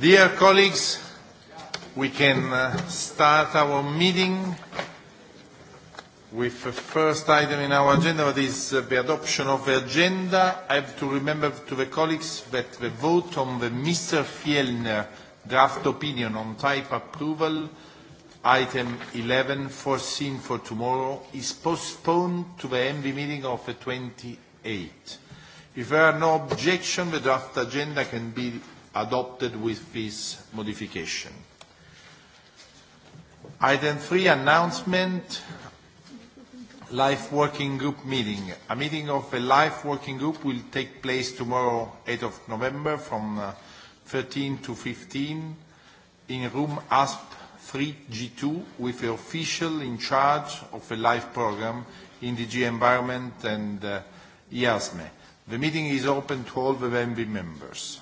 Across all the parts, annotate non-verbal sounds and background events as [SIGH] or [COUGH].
Dear colleagues, we can uh, start our meeting with the first item in our agenda, that is uh, the adoption of the agenda. I have to remember to the colleagues that the vote on the Mr. Fjellner draft opinion on type approval, item 11 foreseen for tomorrow, is postponed to the MV meeting of the 28th. If there are no objections, the draft agenda can be adopted with this modification. Item three, announcement, life working group meeting. A meeting of a life working group will take place tomorrow, 8th of November, from 13 uh, to 15, in room ASP 3G2, with the official in charge of a life program in the G Environment and uh, IASME. The meeting is open to all the MB members.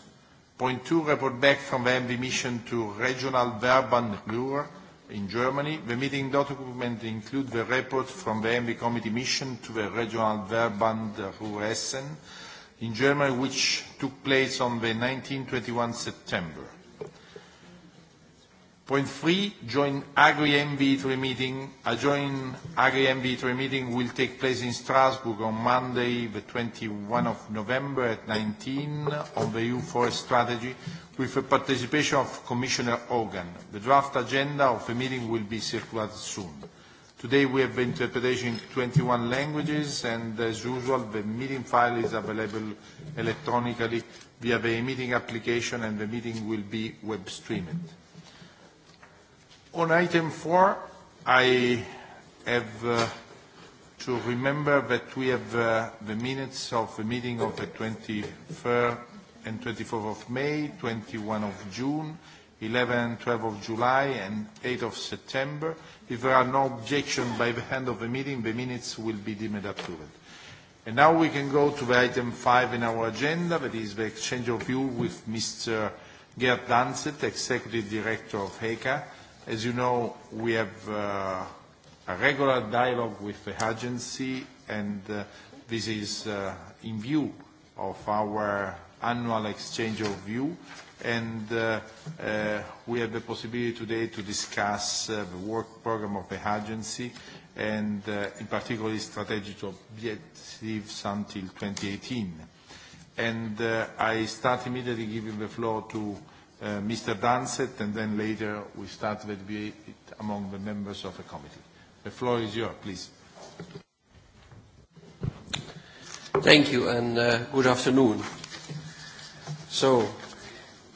Point two, report back from the envy mission to regional Verband Ruhr in Germany. The meeting document includes the report from the envy committee mission to the regional Verband Ruhr Essen in Germany, which took place on the 1921 September. Point three, join AgriMV3 meeting. A join AgriMV3 meeting will take place in Strasbourg on Monday, the 21 of November at 19 on the EU forest strategy with the participation of Commissioner Hogan. The draft agenda of the meeting will be circulated soon. Today we have the interpretation in 21 languages and as usual the meeting file is available electronically via the meeting application and the meeting will be web streamed. Mm -hmm. On item four, I have uh, to remember that we have uh, the minutes of the meeting of the 23rd and 24th of May, 21 of June, 11 and 12 of July, and 8 of September. If there are no objections by the end of the meeting, the minutes will be deemed approved. And now we can go to the item five in our agenda, that is the exchange of view with Mr. Gerd Danzet, Executive Director of HECA. As you know, we have uh, a regular dialogue with the agency, and uh, this is uh, in view of our annual exchange of view, and uh, uh, we have the possibility today to discuss uh, the work program of the agency, and uh, in particular strategic objectives until 2018. And uh, I start immediately giving the floor to Uh, Mr. Dunset, and then later we start with be among the members of the committee. The floor is yours, please. Thank you, and uh, good afternoon. So,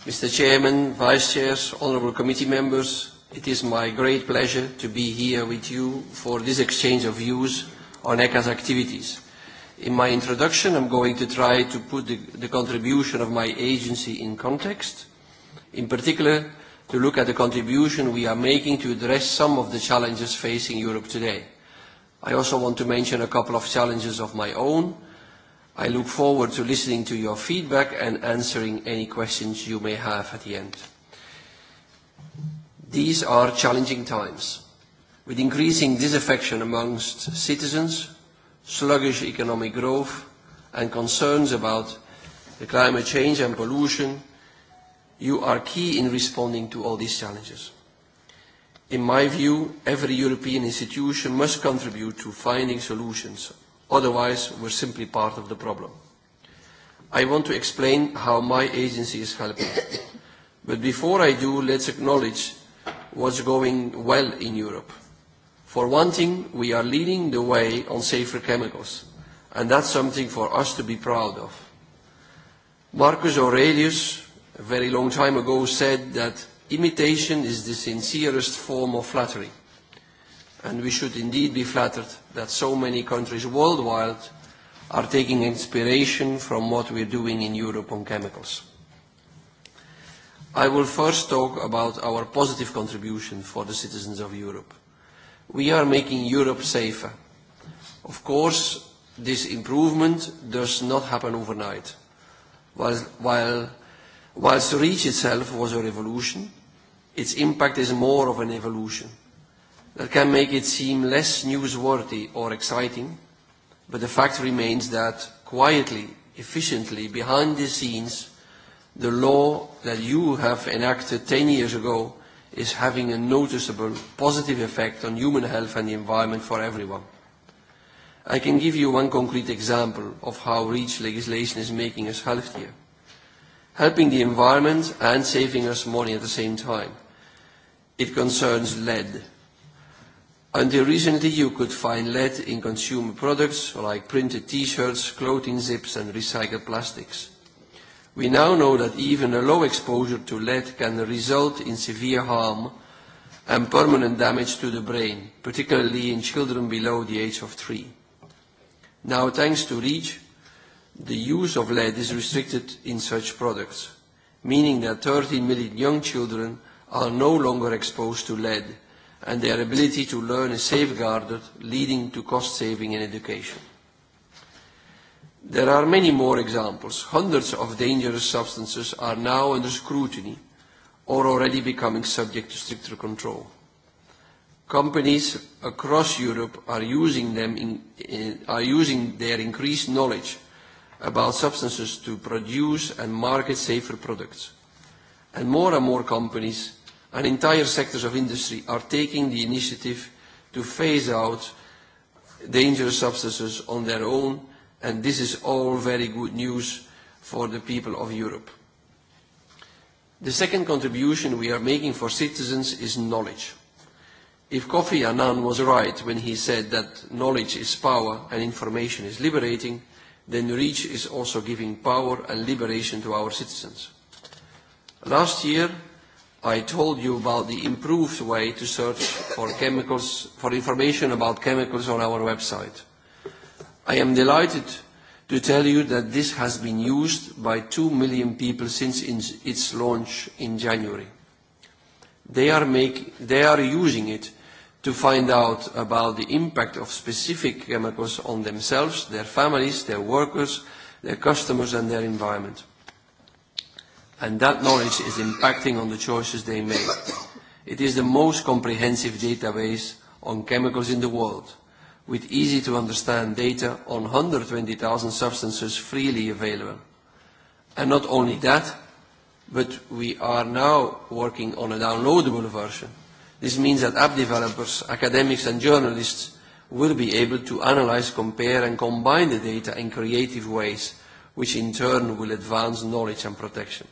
Mr. Chairman, Vice Chairs, Honourable Committee Members, it is my great pleasure to be here with you for this exchange of views on ECA's activities. In my introduction, I'm going to try to put the, the contribution of my agency in context – In particular, to look at the contribution we are making to address some of the challenges facing Europe today. I also want to mention a couple of challenges of my own. I look forward to listening to your feedback and answering any questions you may have at the end. These are challenging times. With increasing disaffection amongst citizens, sluggish economic growth, and concerns about the climate change and pollution, you are key in responding to all these challenges. In my view, every European institution must contribute to finding solutions, otherwise we're simply part of the problem. I want to explain how my agency is helping. but before I do, let's acknowledge what's going well in Europe. For one thing, we are leading the way on safer chemicals, and that's something for us to be proud of. Marcus Aurelius a very long time ago said that imitation is the sincerest form of flattery. And we should indeed be flattered that so many countries worldwide are taking inspiration from what we are doing in Europe on chemicals. I will first talk about our positive contribution for the citizens of Europe. We are making Europe safer. Of course, this improvement does not happen overnight. While, while Whilst the reach itself was a revolution, its impact is more of an evolution that can make it seem less newsworthy or exciting, but the fact remains that quietly, efficiently, behind the scenes, the law that you have enacted 10 years ago is having a noticeable positive effect on human health and the environment for everyone. I can give you one concrete example of how REACH legislation is making us healthier helping the environment and saving us money at the same time. It concerns lead. Until recently, you could find lead in consumer products like printed T-shirts, clothing zips, and recycled plastics. We now know that even a low exposure to lead can result in severe harm and permanent damage to the brain, particularly in children below the age of three. Now, thanks to REACH, the use of lead is restricted in such products, meaning that 13 million young children are no longer exposed to lead and their ability to learn is safeguarded, leading to cost saving in education. There are many more examples. Hundreds of dangerous substances are now under scrutiny or already becoming subject to stricter control. Companies across Europe are using, them in, in, eh, are using their increased knowledge about substances to produce and market safer products. And more and more companies and entire sectors of industry are taking the initiative to phase out dangerous substances on their own, and this is all very good news for the people of Europe. The second contribution we are making for citizens is knowledge. If Kofi Annan was right when he said that knowledge is power and information is liberating, then REACH is also giving power and liberation to our citizens. Last year, I told you about the improved way to search for chemicals, for information about chemicals on our website. I am delighted to tell you that this has been used by 2 million people since its launch in January. They are, make, they are using it to find out about the impact of specific chemicals on themselves, their families, their workers, their customers and their environment. And that knowledge is impacting on the choices they make. It is the most comprehensive database on chemicals in the world, with easy to understand data on 120,000 substances freely available. And not only that, but we are now working on a downloadable version This means that app developers, academics and journalists will be able to analyze, compare and combine the data in creative ways, which in turn will advance knowledge and protection.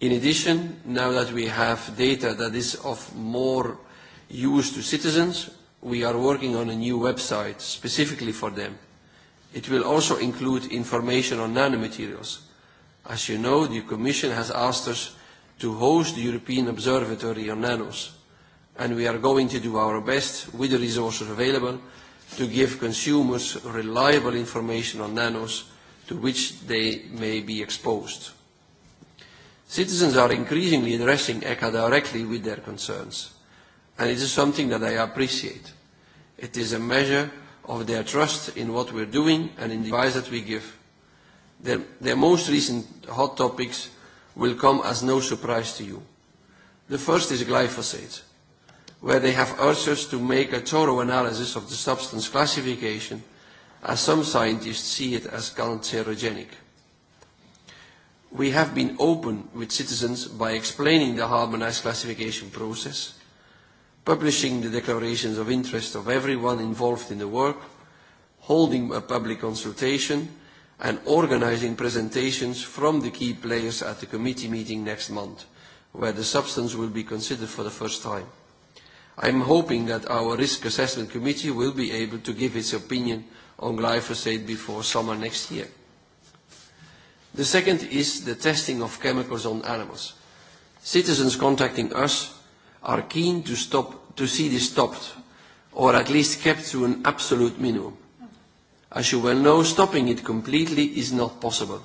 In addition, now that we have data that is of more use to citizens, we are working on a new website specifically for them. It will also include information on nanomaterials. As you know, the Commission has asked us to host the European Observatory on Nanos, and we are going to do our best with the resources available to give consumers reliable information on Nanos to which they may be exposed. Citizens are increasingly addressing ECHA directly with their concerns, and it is something that I appreciate. It is a measure of their trust in what we're doing and in the advice that we give. Their, their most recent hot topics will come as no surprise to you. The first is glyphosate, where they have urged us to make a thorough analysis of the substance classification, as some scientists see it as cancerogenic. We have been open with citizens by explaining the harmonized classification process, publishing the declarations of interest of everyone involved in the work, holding a public consultation, and organizing presentations from the key players at the committee meeting next month, where the substance will be considered for the first time. I'm hoping that our risk assessment committee will be able to give its opinion on glyphosate before summer next year. The second is the testing of chemicals on animals. Citizens contacting us are keen to, stop, to see this stopped, or at least kept to an absolute minimum. As you well know, stopping it completely is not possible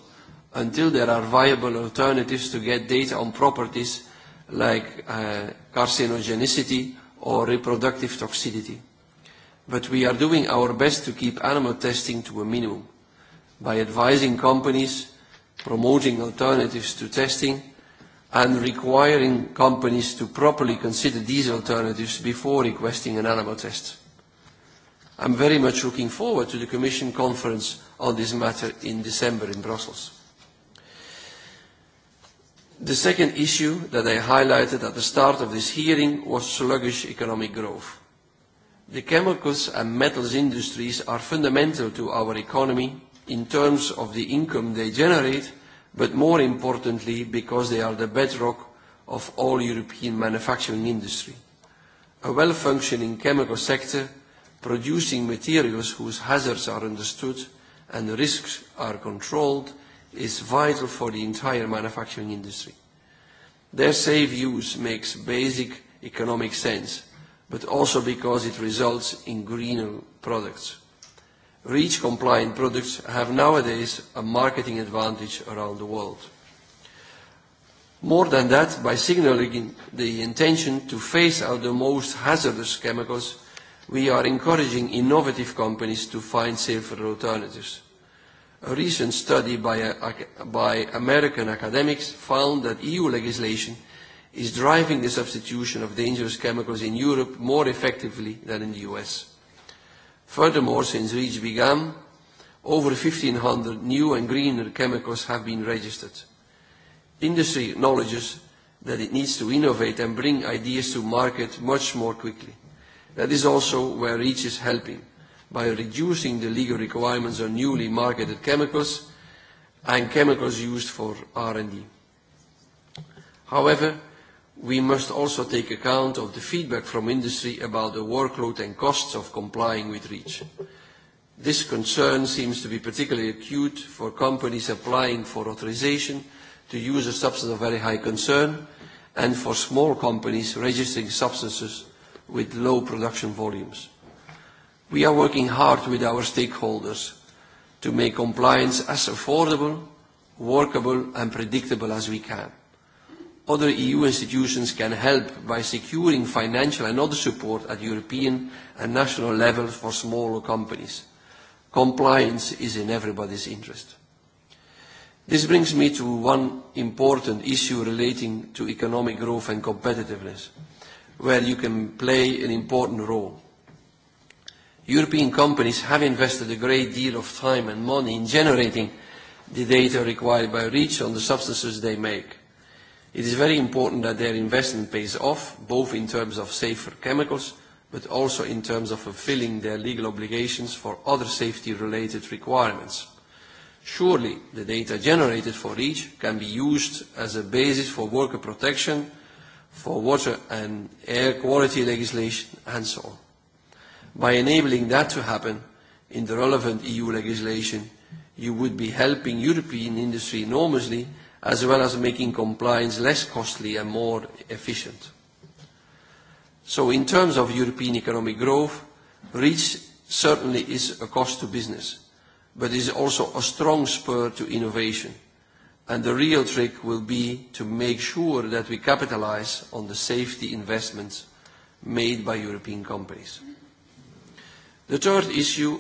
until there are viable alternatives to get data on properties like uh, carcinogenicity or reproductive toxicity. But we are doing our best to keep animal testing to a minimum by advising companies, promoting alternatives to testing, and requiring companies to properly consider these alternatives before requesting an animal test. I'm very much looking forward to the Commission conference on this matter in December in Brussels. The second issue that I highlighted at the start of this hearing was sluggish economic growth. The chemicals and metals industries are fundamental to our economy in terms of the income they generate, but more importantly because they are the bedrock of all European manufacturing industry. A well-functioning chemical sector producing materials whose hazards are understood and risks are controlled is vital for the entire manufacturing industry. Their safe use makes basic economic sense, but also because it results in greener products. REACH compliant products have nowadays a marketing advantage around the world. More than that, by signaling the intention to phase out the most hazardous chemicals, we are encouraging innovative companies to find safer alternatives. A recent study by, uh, a, by American academics found that EU legislation is driving the substitution of dangerous chemicals in Europe more effectively than in the US. Furthermore, since REACH began, over 1,500 new and greener chemicals have been registered. Industry acknowledges that it needs to innovate and bring ideas to market much more quickly. That is also where REACH is helping by reducing the legal requirements on newly marketed chemicals and chemicals used for R&D. However, we must also take account of the feedback from industry about the workload and costs of complying with REACH. This concern seems to be particularly acute for companies applying for authorization to use a substance of very high concern and for small companies registering substances with low production volumes. We are working hard with our stakeholders to make compliance as affordable, workable and predictable as we can. Other EU institutions can help by securing financial and other support at European and national level for smaller companies. Compliance is in everybody's interest. This brings me to one important issue relating to economic growth and competitiveness where you can play an important role. European companies have invested a great deal of time and money in generating the data required by REACH on the substances they make. It is very important that their investment pays off, both in terms of safer chemicals, but also in terms of fulfilling their legal obligations for other safety-related requirements. Surely, the data generated for REACH can be used as a basis for worker protection, for water and air quality legislation and so on. By enabling that to happen in the relevant EU legislation, you would be helping European industry enormously as well as making compliance less costly and more efficient. So in terms of European economic growth, REACH certainly is a cost to business, but is also a strong spur to innovation and the real trick will be to make sure that we capitalize on the safety investments made by European companies. The third issue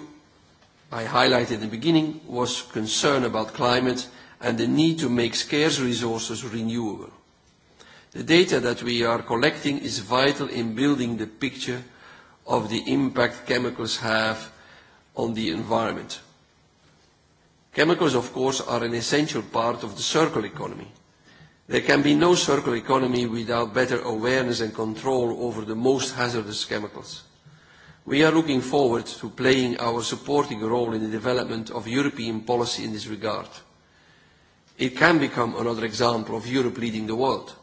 I highlighted in the beginning was concern about climate and the need to make scarce resources renewable. The data that we are collecting is vital in building the picture of the impact chemicals have on the environment. Chemicals, of course, are an essential part of the circular economy. There can be no circular economy without better awareness and control over the most hazardous chemicals. We are looking forward to playing our supporting role in the development of European policy in this regard. It can become another example of Europe leading the world.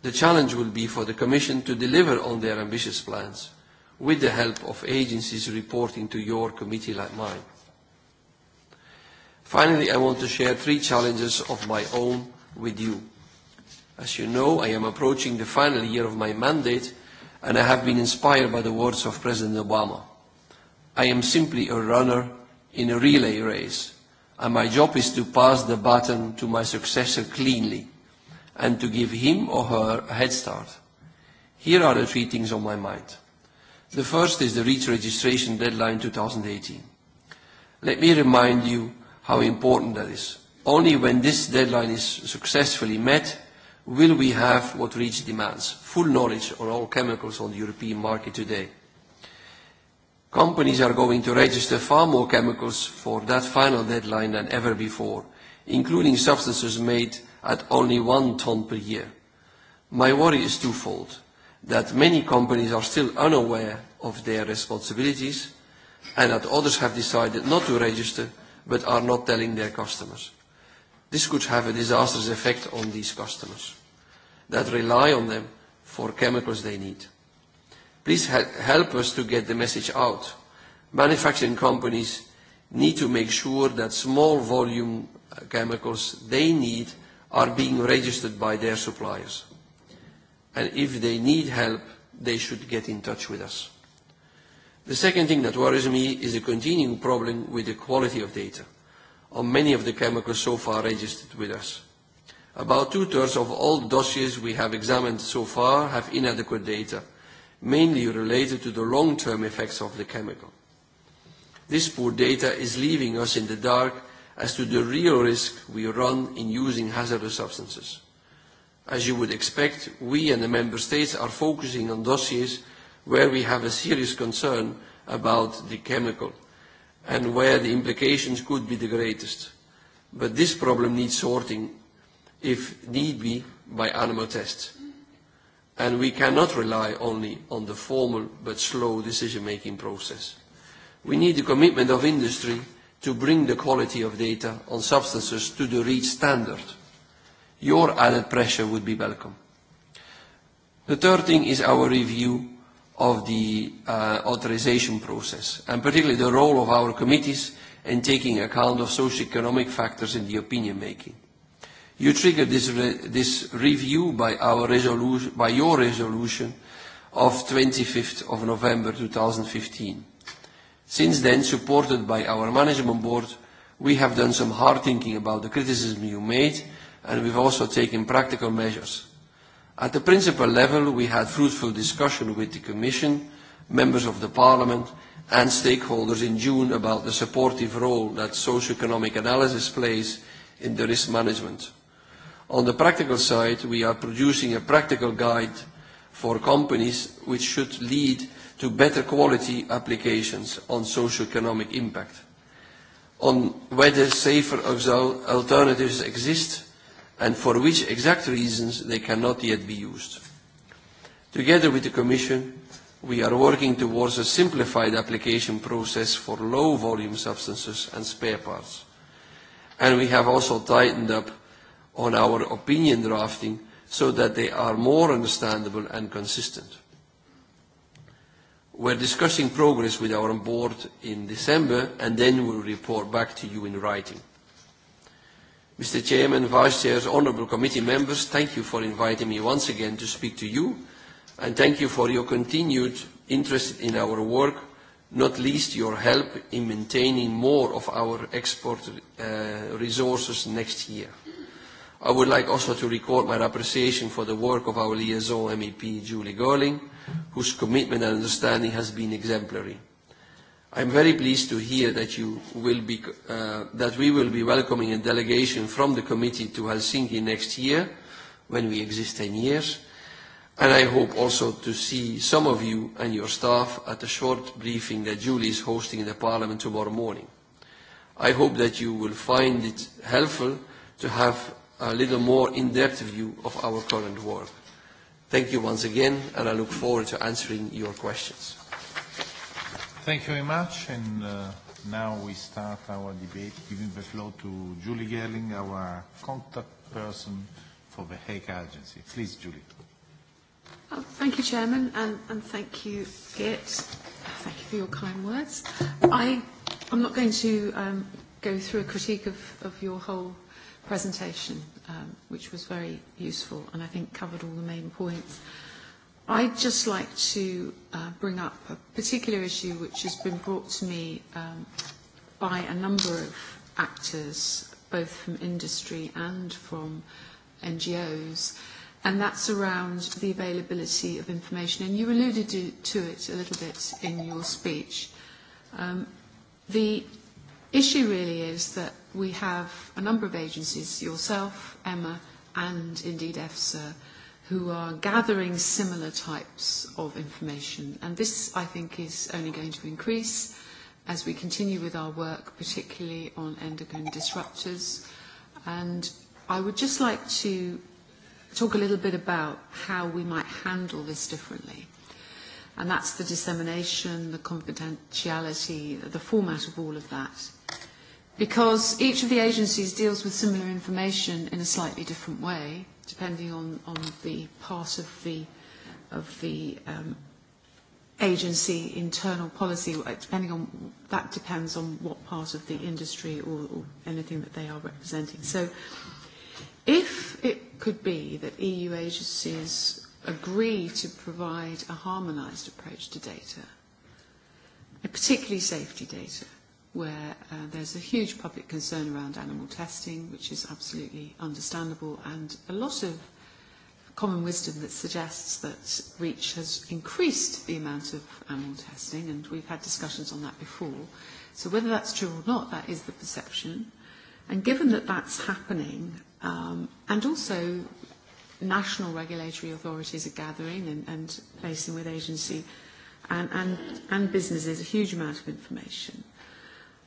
The challenge will be for the Commission to deliver on their ambitious plans, with the help of agencies reporting to your committee like mine. Finally, I want to share three challenges of my own with you. As you know, I am approaching the final year of my mandate, and I have been inspired by the words of President Obama. I am simply a runner in a relay race, and my job is to pass the baton to my successor cleanly and to give him or her a head start. Here are the three things on my mind. The first is the REACH registration deadline 2018. Let me remind you how important that is. Only when this deadline is successfully met will we have what REACH demands, full knowledge on all chemicals on the European market today. Companies are going to register far more chemicals for that final deadline than ever before, including substances made at only one ton per year. My worry is twofold, that many companies are still unaware of their responsibilities and that others have decided not to register but are not telling their customers. This could have a disastrous effect on these customers that rely on them for chemicals they need. Please help us to get the message out. Manufacturing companies need to make sure that small volume uh, chemicals they need are being registered by their suppliers. And if they need help, they should get in touch with us. The second thing that worries me is the continuing problem with the quality of data on many of the chemicals so far registered with us. About two-thirds of all dossiers we have examined so far have inadequate data, mainly related to the long-term effects of the chemical. This poor data is leaving us in the dark as to the real risk we run in using hazardous substances. As you would expect, we and the Member States are focusing on dossiers where we have a serious concern about the chemical and where the implications could be the greatest. But this problem needs sorting, if need be, by animal tests. And we cannot rely only on the formal but slow decision-making process. We need the commitment of industry to bring the quality of data on substances to the REACH standard. Your added pressure would be welcome. The third thing is our review of the uh, authorization process, and particularly the role of our committees in taking account of socio-economic factors in the opinion making. You triggered this, re this review by, our resolution, by your resolution of 25th of November 2015. Since then, supported by our management board, we have done some hard thinking about the criticism you made, and we've also taken practical measures. At the principal level, we had fruitful discussion with the Commission, members of the Parliament and stakeholders in June about the supportive role that socio-economic analysis plays in the risk management. On the practical side, we are producing a practical guide for companies which should lead to better quality applications on socio-economic impact. On whether safer alternatives exist and for which exact reasons they cannot yet be used. Together with the Commission, we are working towards a simplified application process for low-volume substances and spare parts. And we have also tightened up on our opinion drafting so that they are more understandable and consistent. We're discussing progress with our board in December, and then we'll report back to you in writing. Mr. Chairman, Vice Chairs, Honourable Committee Members, thank you for inviting me once again to speak to you and thank you for your continued interest in our work, not least your help in maintaining more of our export uh, resources next year. I would like also to record my appreciation for the work of our liaison MEP, Julie Gerling, whose commitment and understanding has been exemplary. I'm very pleased to hear that, you will be, uh, that we will be welcoming a delegation from the committee to Helsinki next year, when we exist 10 years. And I hope also to see some of you and your staff at a short briefing that Julie is hosting in the Parliament tomorrow morning. I hope that you will find it helpful to have a little more in-depth view of our current world. Thank you once again, and I look forward to answering your questions. Thank you very much, and uh, now we start our debate, giving the floor to Julie Gerling, our contact person for the Hague Agency. Please, Julie. Oh, thank you, Chairman, and, and thank you, Git. Thank you for your kind words. I, I'm not going to um, go through a critique of, of your whole presentation, um, which was very useful, and I think covered all the main points. I'd just like to uh, bring up a particular issue which has been brought to me um, by a number of actors, both from industry and from NGOs, and that's around the availability of information. And you alluded to, to it a little bit in your speech. Um, the issue really is that we have a number of agencies, yourself, Emma, and indeed EFSA, who are gathering similar types of information. And this, I think, is only going to increase as we continue with our work, particularly on endocrine disruptors. And I would just like to talk a little bit about how we might handle this differently. And that's the dissemination, the confidentiality, the format of all of that. Because each of the agencies deals with similar information in a slightly different way depending on, on the part of the of the um, agency internal policy uh, depending on that depends on what part of the industry or, or anything that they are representing so if it could be that EU agencies agree to provide a harmonized approach to data particularly safety data where uh, there's a huge public concern around animal testing, which is absolutely understandable, and a lot of common wisdom that suggests that REACH has increased the amount of animal testing, and we've had discussions on that before. So whether that's true or not, that is the perception. And given that that's happening, um, and also national regulatory authorities are gathering and, and placing with agency and, and, and businesses a huge amount of information,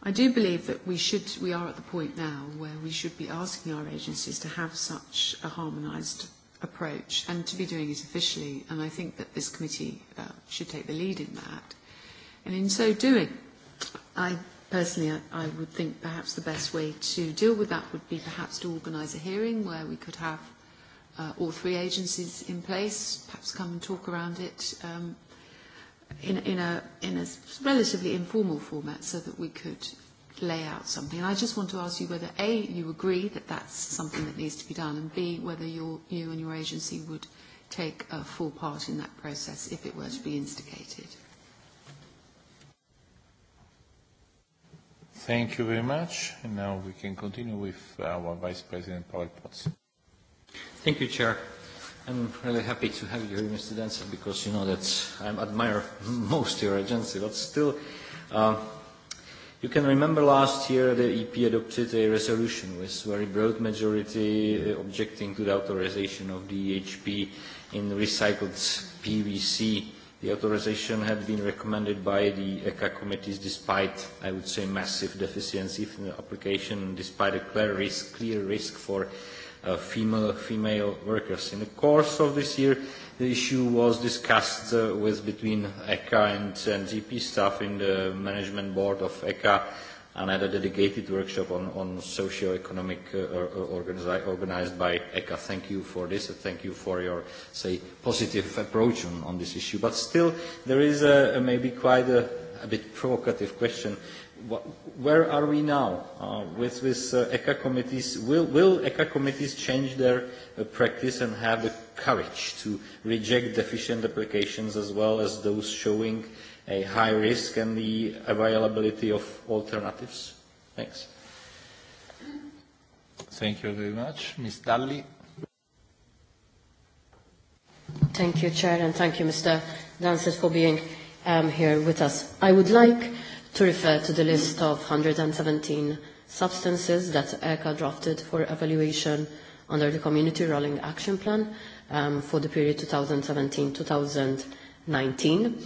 I do believe that we should we are at the point now where we should be asking our agencies to have such a harmonized approach and to be doing it officially and I think that this committee uh, should take the lead in that and in so doing I personally I, I would think perhaps the best way to deal with that would be perhaps to organize a hearing where we could have uh, all three agencies in place perhaps come and talk around it um, in, in, a, in a relatively informal format so that we could lay out something. And I just want to ask you whether A, you agree that that's something that needs to be done, and B, whether you and your agency would take a full part in that process if it were to be instigated. Thank you very much. And now we can continue with our Vice President, Paul Potts. Thank you, Chair. I'm really happy to have you here, Mr. Dancer, because you know that I admire most your agency. But still, uh, you can remember last year the EP adopted a resolution with very broad majority uh, objecting to the authorization of DHP in recycled PVC. The authorization had been recommended by the ECA committees despite, I would say, massive deficiencies in the application, despite a clear risk, clear risk for uh, uh, female, female workers. In the course of this year, the issue was discussed uh, with between ECA and, and GP staff in the management board of ECA and had a dedicated workshop on, on socio-economic uh, organize, organized by ECA. Thank you for this and thank you for your, say, positive approach on, on this issue. But still, there is a, a maybe quite a, a bit provocative question where are we now uh, with this uh, ECA committees? Will, will ECA committees change their uh, practice and have the courage to reject deficient applications as well as those showing a high risk and the availability of alternatives? Thanks. Thank you very much. Ms. Dalli. Thank you, Chair, and thank you, Mr. Dances, for being um, here with us. I would like to refer to the list of 117 substances that ECA drafted for evaluation under the Community Rolling Action Plan um, for the period 2017-2019.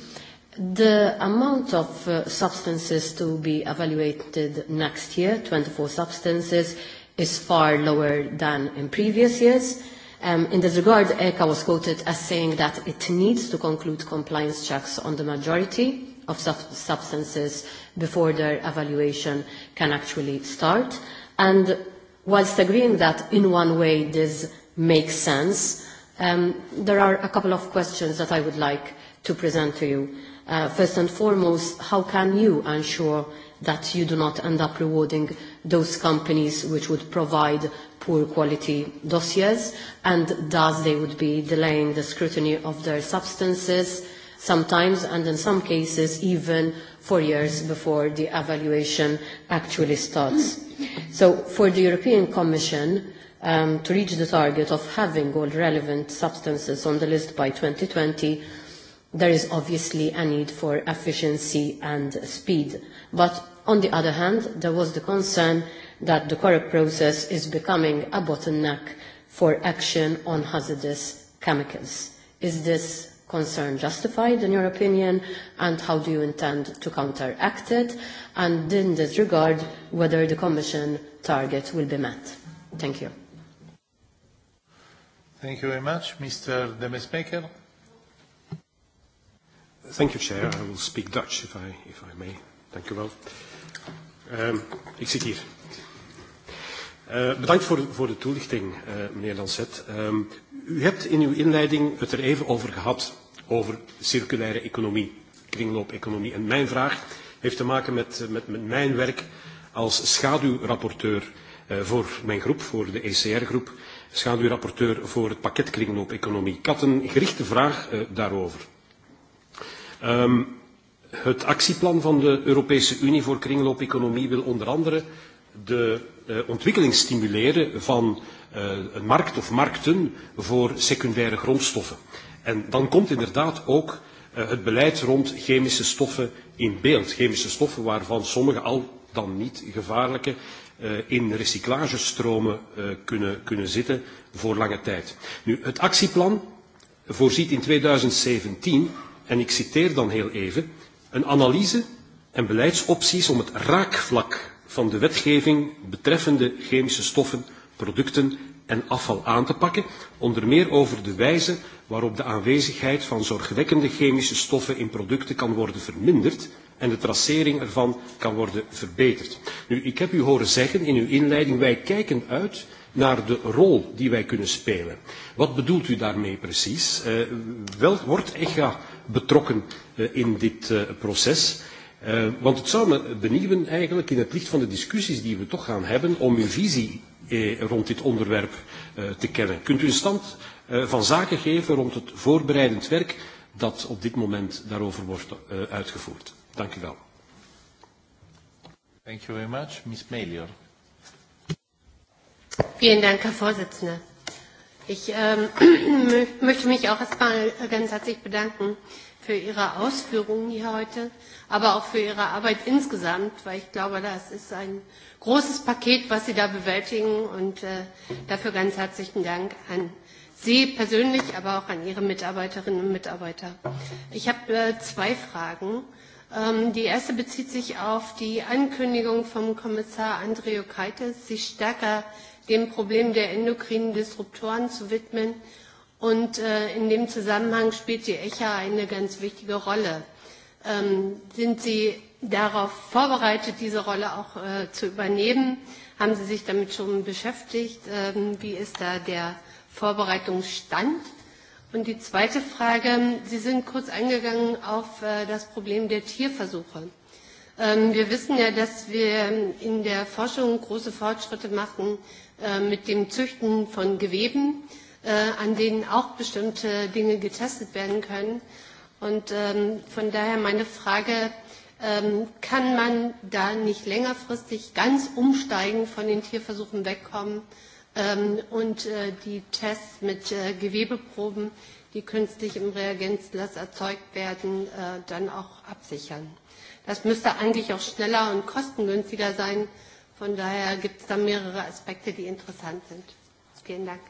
The amount of uh, substances to be evaluated next year, 24 substances, is far lower than in previous years. Um, in this regard, ECA was quoted as saying that it needs to conclude compliance checks on the majority of substances before their evaluation can actually start. And whilst agreeing that in one way this makes sense, um, there are a couple of questions that I would like to present to you. Uh, first and foremost, how can you ensure that you do not end up rewarding those companies which would provide poor quality dossiers and thus they would be delaying the scrutiny of their substances sometimes and in some cases even four years before the evaluation actually starts. So for the European Commission um, to reach the target of having all relevant substances on the list by 2020, there is obviously a need for efficiency and speed. But on the other hand, there was the concern that the correct process is becoming a bottleneck for action on hazardous chemicals. Is this concern justified in your opinion and how do you intend to counteract it and in this regard whether the commission target will be met thank you thank you very much mr demesmaker thank you chair i will speak dutch if i if i may thank you well um, uh, bedankt voor, voor de toelichting, uh, meneer Lancet. Um, u hebt in uw inleiding het er even over gehad over circulaire economie, kringloop-economie. En mijn vraag heeft te maken met, met, met mijn werk als schaduwrapporteur eh, voor mijn groep, voor de ECR-groep, schaduwrapporteur voor het pakket kringloop-economie. Ik had een gerichte vraag eh, daarover. Um, het actieplan van de Europese Unie voor kringloop-economie wil onder andere de uh, ontwikkeling stimuleren van uh, een markt of markten voor secundaire grondstoffen. En dan komt inderdaad ook uh, het beleid rond chemische stoffen in beeld. Chemische stoffen waarvan sommige al dan niet gevaarlijke uh, in recyclagestromen uh, kunnen, kunnen zitten voor lange tijd. Nu, het actieplan voorziet in 2017, en ik citeer dan heel even, een analyse en beleidsopties om het raakvlak van de wetgeving betreffende chemische stoffen, producten en afval aan te pakken, onder meer over de wijze waarop de aanwezigheid van zorgwekkende chemische stoffen in producten kan worden verminderd en de tracering ervan kan worden verbeterd. Nu, ik heb u horen zeggen in uw inleiding, wij kijken uit naar de rol die wij kunnen spelen. Wat bedoelt u daarmee precies? Uh, wel, wordt EGA betrokken uh, in dit uh, proces? Uh, want het zou me benieuwen eigenlijk in het licht van de discussies die we toch gaan hebben om uw visie Eh, rond dit onderwerp eh, te kennen. Kunt u een stand eh, van zaken geven rond het voorbereidend werk dat op dit moment daarover wordt uitgevoerd? Dank u wel. Thank you very much. Miss Melior. Vielen Dank, Herr Vorsitzender. Ich ähm, [CLEARS THROAT] möchte mich auch erstmal ganz herzlich bedanken äh, für Ihre Ausführungen hier heute, aber auch für Ihre Arbeit insgesamt, weil ich glaube, das ist ein großes Paket, was Sie da bewältigen. Und äh, dafür ganz herzlichen Dank an Sie persönlich, aber auch an Ihre Mitarbeiterinnen und Mitarbeiter. Ich habe äh, zwei Fragen. Ähm, die erste bezieht sich auf die Ankündigung vom Kommissar Andreokaitis, sich stärker dem Problem der endokrinen Disruptoren zu widmen Und äh, in dem Zusammenhang spielt die ECHA eine ganz wichtige Rolle. Ähm, sind Sie darauf vorbereitet, diese Rolle auch äh, zu übernehmen? Haben Sie sich damit schon beschäftigt? Ähm, wie ist da der Vorbereitungsstand? Und die zweite Frage, Sie sind kurz eingegangen auf äh, das Problem der Tierversuche. Ähm, wir wissen ja, dass wir in der Forschung große Fortschritte machen äh, mit dem Züchten von Geweben. Äh, äh, an denen auch bestimmte Dinge getestet werden können. Und ähm, von daher meine Frage, ähm, kann man da nicht längerfristig ganz umsteigen von den Tierversuchen wegkommen ähm, und äh, die Tests mit äh, Gewebeproben, die künstlich im Reagenzlass erzeugt werden, äh, dann auch absichern? Das müsste eigentlich auch schneller und kostengünstiger sein. Von daher gibt es da mehrere Aspekte, die interessant sind. Vielen Dank.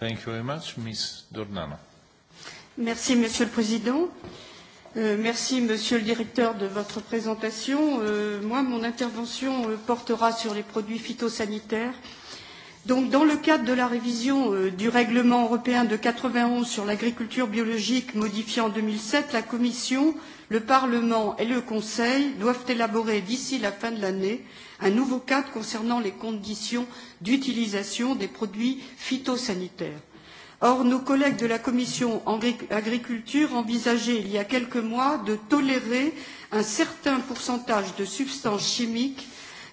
Thank you very much. Ms. Dornano. Merci, Monsieur le Président. Euh, merci, Monsieur le Directeur, de votre présentation. Euh, moi, mon intervention euh, portera sur les produits phytosanitaires. Euh, Donc, dans le cadre de la révision euh, du règlement européen de 91 sur l'agriculture biologique modifié en 2007, la Commission, le Parlement et le Conseil doivent élaborer d'ici la fin de l'année un nouveau cadre concernant les conditions d'utilisation des produits phytosanitaires. Or, nos collègues de la Commission agriculture envisageaient il y a quelques mois de tolérer un certain pourcentage de substances chimiques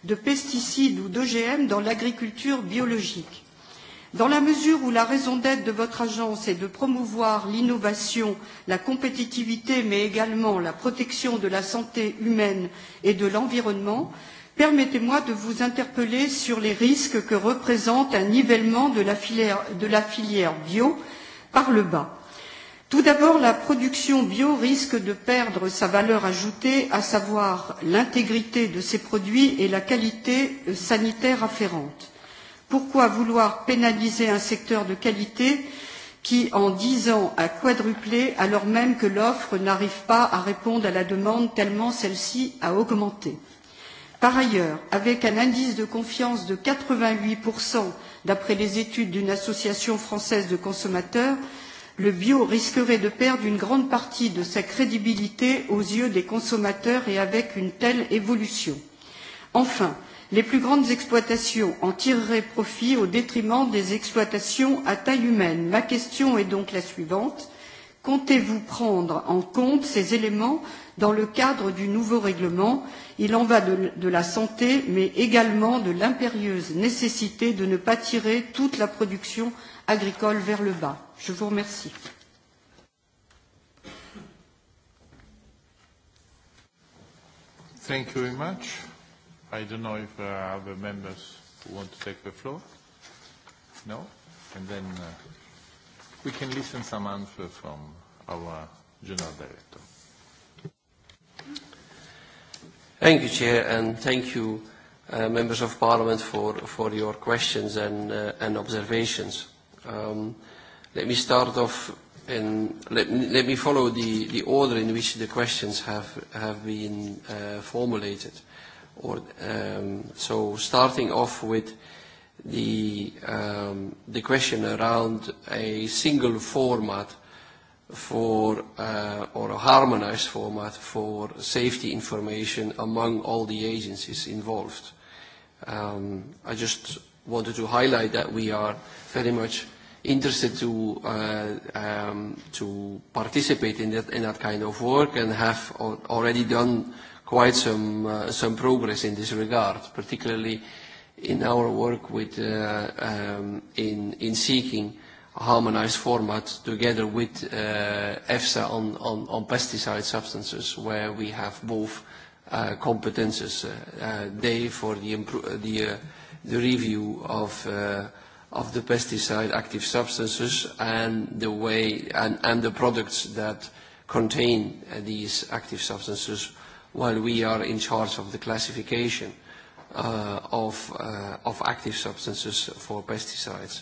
de pesticides ou d'OGM dans l'agriculture biologique. Dans la mesure où la raison d'être de votre agence est de promouvoir l'innovation, la compétitivité, mais également la protection de la santé humaine et de l'environnement, permettez-moi de vous interpeller sur les risques que représente un nivellement de la filière, de la filière bio par le bas. Tout d'abord, la production bio risque de perdre sa valeur ajoutée, à savoir l'intégrité de ses produits et la qualité euh, sanitaire afférente. Pourquoi vouloir pénaliser un secteur de qualité qui, en dix ans, a quadruplé alors même que l'offre n'arrive pas à répondre à la demande tellement celle-ci a augmenté Par ailleurs, avec un indice de confiance de 88% d'après les études d'une association française de consommateurs, le bio risquerait de perdre une grande partie de sa crédibilité aux yeux des consommateurs et avec une telle évolution. Enfin, les plus grandes exploitations en tireraient profit au détriment des exploitations à taille humaine. Ma question est donc la suivante. Comptez-vous prendre en compte ces éléments dans le cadre du nouveau règlement Il en va de la santé, mais également de l'impérieuse nécessité de ne pas tirer toute la production agricole vers le bas. Je vous remercie. Thank you very much. I don't know if there uh, are other members who want to take the floor. No? And then uh, we can listen some answer from our general director. Thank you, Chair, and thank you, uh, members of parliament, for, for your questions and, uh, and observations. Um, let me start off and let me, let me follow the, the order in which the questions have, have been uh, formulated. Or, um, so starting off with the, um, the question around a single format for uh, or a harmonized format for safety information among all the agencies involved. Um, I just wanted to highlight that we are very much interested to uh, um, to participate in that in that kind of work and have already done quite some uh, some progress in this regard, particularly in our work with uh, um, in in seeking a harmonised format together with uh, EFSA on, on on pesticide substances, where we have both uh, competences. Uh, uh, they for the the uh, the review of uh, of the pesticide active substances and the way and, and the products that contain uh, these active substances while we are in charge of the classification uh, of, uh, of active substances for pesticides.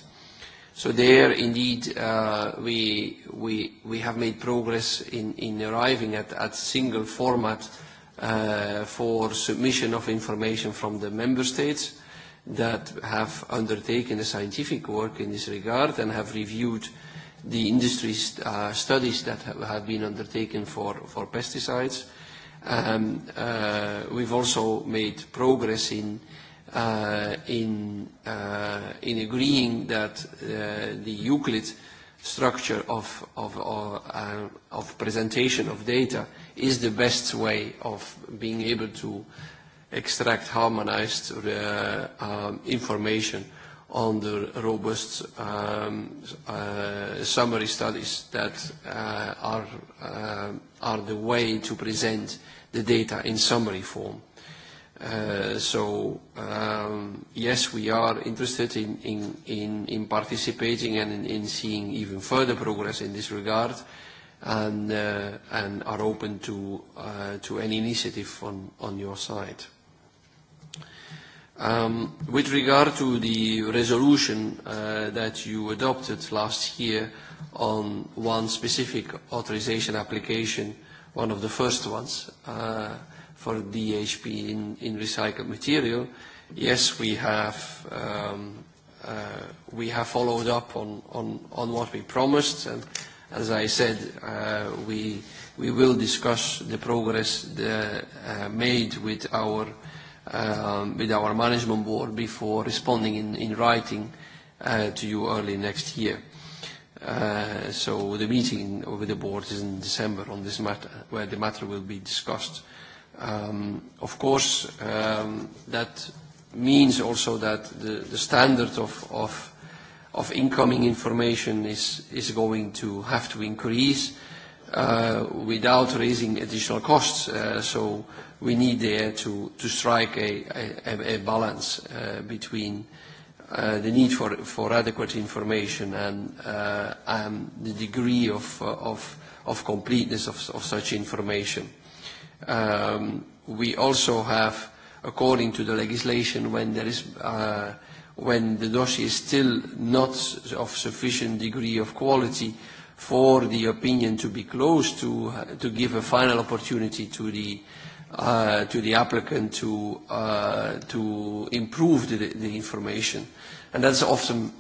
So there indeed uh, we, we, we have made progress in, in arriving at, at single format uh, for submission of information from the member states uh, that have undertaken the scientific work in this regard and have reviewed the industry st uh, studies that ha have been undertaken for, for pesticides. Um, uh, we've also made progress in, uh, in, uh, in agreeing that uh, the Euclid structure of, of, of, uh, uh, of presentation of data is the best way of being able to uh, extract harmonized uh, um, information on the robust um, uh, summary studies that uh, are, uh, are the way to present the data in summary form. Uh, so, um, yes, we are interested in, in, in, in participating and in, in seeing even further progress in this regard and, uh, and are open to, uh, to any initiative on, on your side. Um, with regard to the resolution uh, that you adopted last year on one specific authorization application, one of the first ones uh, for DHP in, in recycled material, yes, we have, um, uh, we have followed up on, on, on what we promised. And as I said, uh, we, we will discuss the progress the, uh, made with our Um, with our management board before responding in writing uh, to you early next year. Uh, the meeting with the board is in December on this matter, where the matter will be discussed. Um, of course, um, that means also that the standard of incoming information is going to have to increase uh, without raising additional costs. Uh, so we need there to, to strike a, a, a balance uh, between uh, the need for, for adequate information and, uh, and the degree of, uh, of, of completeness of, of such information. Um, we also have, according to the legislation, when, there is, uh, when the dossier is still not of sufficient degree of quality, uh, for the opinion to be closed to uh, to give a final opportunity to the uh, to the applicant to uh, to improve the, the information, and that's often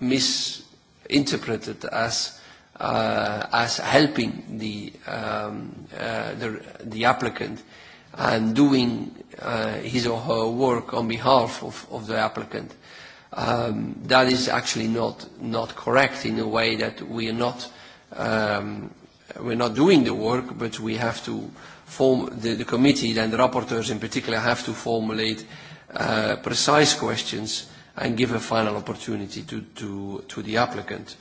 misinterpreted as. Uh, as helping the, um, uh, the the applicant and doing uh, his or her work on behalf of, of the applicant, um, that is actually not not correct in a way that we are not uh, um, we're not doing the work, but we have to form the, the committee and the rapporteurs in particular have to formulate uh, precise questions and give a final opportunity to, to, to the applicant.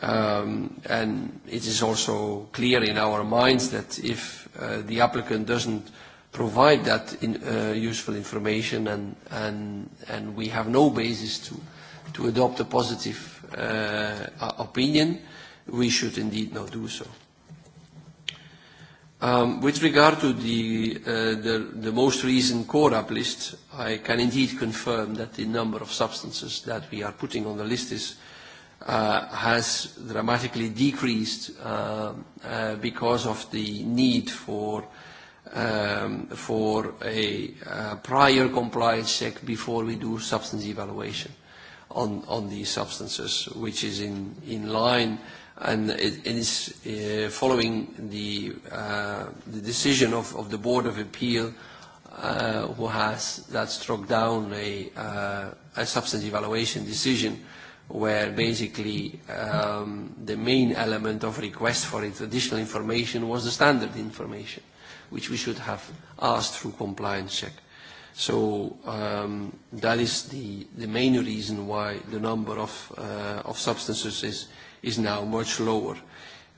Um, and it is also clear in our minds that if uh, the applicant doesn't provide that in, uh, useful information and, and, and we have no basis to, to adopt a positive uh, opinion, uh, we should indeed not do so. Um, with regard to the, uh, the, the most recent CORAP list, I can indeed confirm that the number of substances that we are putting on the list is, uh, has dramatically decreased uh, uh, because of the need for, um, for a uh, prior compliance check before we do substance evaluation on, on these substances, which is in, in line and it, it is uh, following the, uh, the decision of, of the Board of Appeal uh, who has that struck down a, uh, a substance evaluation decision where basically um, the main element of request for additional information was the standard information which we should have asked through compliance check. So um, that is the, the main reason why the number of, uh, of substances is, is now much lower.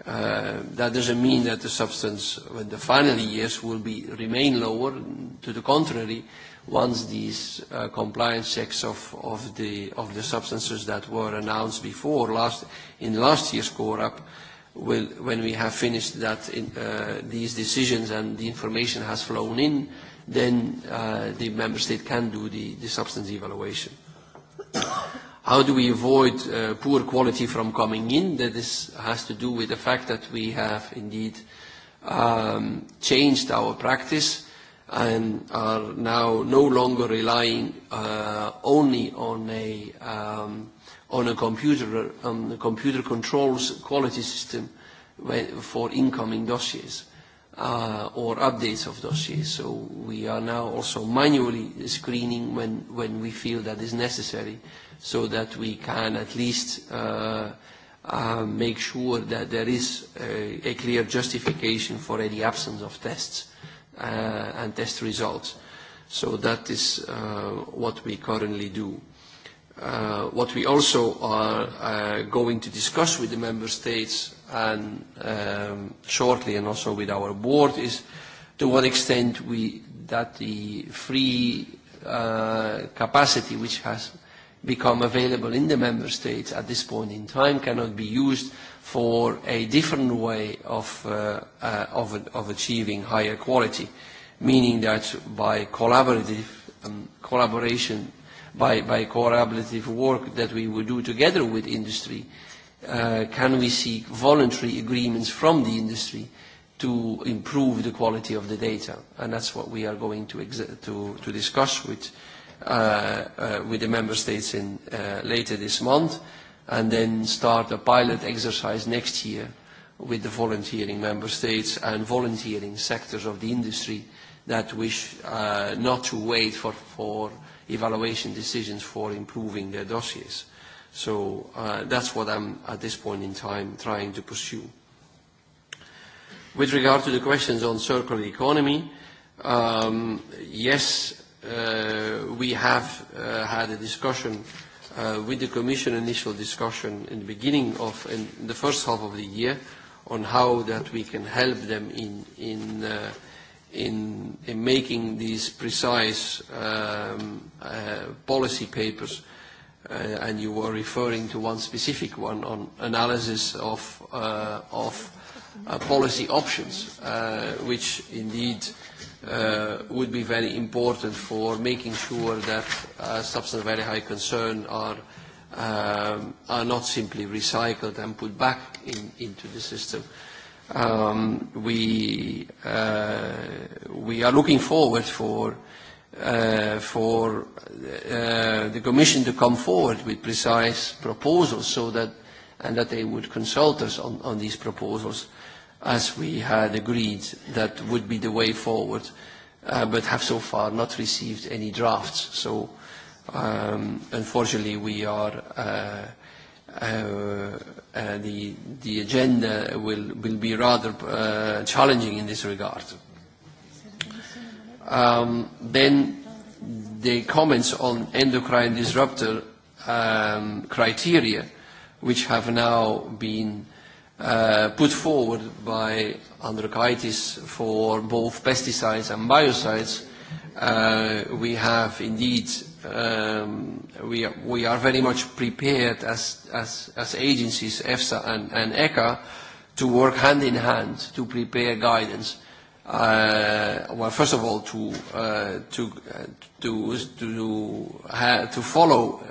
Uh, that doesn't mean that the substance in the final years will be remain lower. To the contrary, once these uh, compliance checks of, of, the, of the substances that were announced before last, in last year's core-up, when we have finished that in, uh, these decisions and the information has flown in, then uh, the member state can do the, the substance evaluation. How do we avoid uh, poor quality from coming in? This has to do with the fact that we have indeed um, changed our practice and are now no longer relying uh, only on a, um, on a computer, on the computer controls quality system for incoming dossiers uh, or updates of dossiers. So we are now also manually screening when, when we feel that is necessary so that we can at least uh, uh, make sure that there is a, a clear justification for any absence of tests uh, and test results. So that is uh, what we currently do. Uh, what we also are uh, going to discuss with the member states and um, shortly and also with our board is to what extent we, that the free uh, capacity which has uh, become available in the member states at this point in time cannot be used for a different way of, uh, uh, of, of achieving higher quality, meaning that by collaborative um, collaboration, by, by collaborative work that we would do together with industry, uh, can we seek voluntary agreements from the industry to improve the quality of the data. And that's what we are going to, to, to discuss with, Uh, uh, with the member states in uh, later this month and then start a pilot exercise next year with the volunteering member states and volunteering sectors of the industry that wish uh, not to wait for, for evaluation decisions for improving their dossiers. So uh, that's what I'm at this point in time trying to pursue. With regard to the questions on circular economy, um, yes, uh, we have uh, had a discussion uh, with the Commission, initial discussion in the beginning of in the first half of the year, on how that we can help them in in uh, in, in making these precise um, uh, policy papers. Uh, and you were referring to one specific one on analysis of uh, of uh, policy options, uh, which indeed. Uh, would be very important for making sure that uh, substances of very high concern are, um, are not simply recycled and put back in, into the system. Um, we, uh, we are looking forward for, uh, for uh, the Commission to come forward with precise proposals so that, and that they would consult us on, on these proposals uh, as we had agreed that would be the way forward, uh, but have so far not received any drafts. So, um, unfortunately, we are uh, uh, uh, the the agenda will will be rather uh, challenging in this regard. Um, then, the comments on endocrine disruptor um, criteria, which have now been. Uh, put forward by Androkaitis for both pesticides and biocides, uh, we have indeed, um, we, are, we are very much prepared as, as, as agencies, EFSA and, and ECHA, to work hand in hand to prepare guidance. Uh, well, first of all, to, uh, to, uh, to, to, to, to follow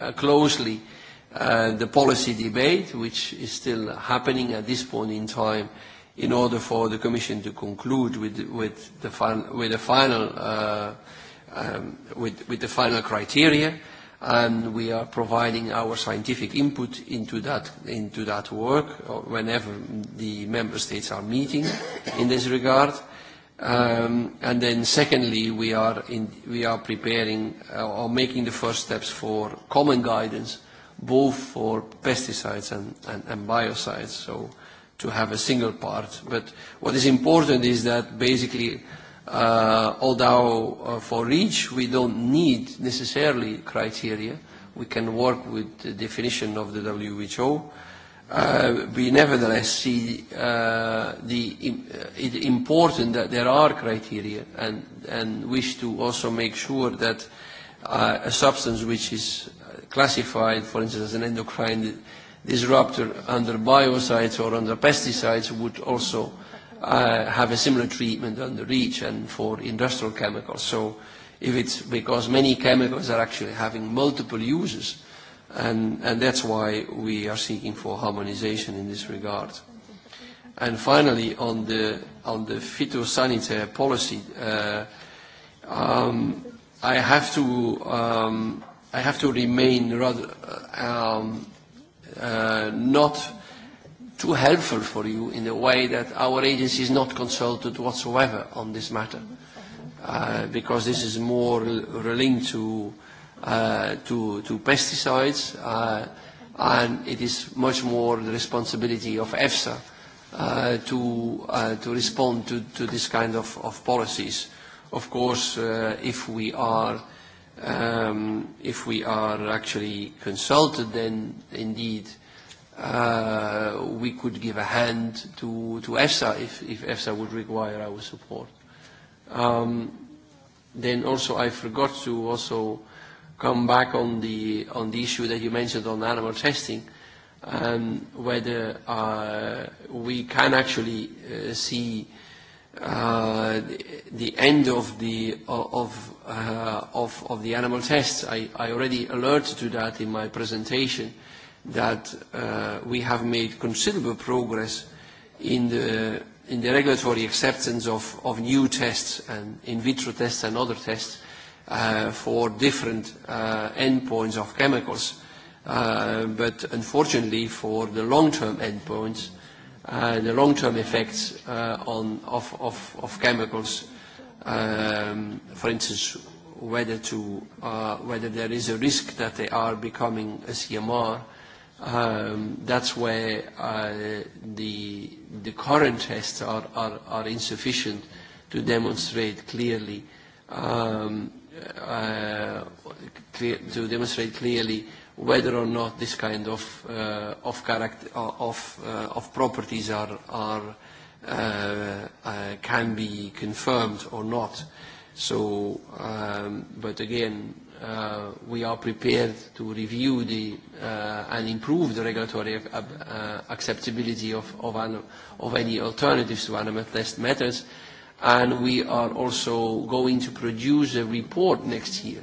uh, closely uh, Uh, the policy debate, which is still happening at this point in time, in order for the Commission to conclude with, with, the, fin with the final uh, um, with, with the final criteria, and we are providing our scientific input into that into that work uh, whenever the member states are meeting in this regard. Um, and then, secondly, we are in, we are preparing uh, or making the first steps for common guidance both for pesticides and, and, and biocides, so to have a single part. But what is important is that basically, uh, although uh, for each we don't need necessarily criteria, we can work with the definition of the WHO, uh, we nevertheless see uh, the uh, it important that there are criteria and, and wish to also make sure that uh, a substance which is classified, for instance, as an endocrine disruptor under biocides or under pesticides would also uh, have a similar treatment under each and for industrial chemicals. So if it's because many chemicals are actually having multiple uses, and, and that's why we are seeking for harmonization in this regard. And finally, on the, on the phytosanitary policy, uh, um, I have to um, I have to remain rather um, uh, not too helpful for you in the way that our agency is not consulted whatsoever on this matter, uh, because this is more relating to, uh, to, to pesticides, uh, and it is much more the responsibility of EFSA uh, to, uh, to respond to, to this kind of, of policies. Of course, uh, if we are uh, um, if we are actually consulted, then indeed uh, we could give a hand to, to EFSA if, if EFSA would require our support. Um, then also I forgot to also come back on the, on the issue that you mentioned on animal testing and um, whether uh, we can actually uh, see uh, the, the end of the, of, Uh, of the animal tests. I already alerted to that in my presentation, that uh, we have made considerable progress in the regulatory acceptance of new tests and in vitro tests and other tests uh, for different endpoints of chemicals. Unfortunately, for the long-term endpoints, the long-term effects of chemicals, um, for instance, whether, to, uh, whether there is a risk that they are becoming a CMR, um, that's where uh, the, the current tests are, are, are insufficient to demonstrate clearly um, uh, clear, to demonstrate clearly whether or not this kind of uh, of, character, of, uh, of properties are, are, Uh, uh, can be confirmed or not. So, um, but again, uh, we are prepared to review the uh, and improve the regulatory ab- uh, acceptability of of, an, of any alternatives to animal test methods, and we are also going to produce a report next year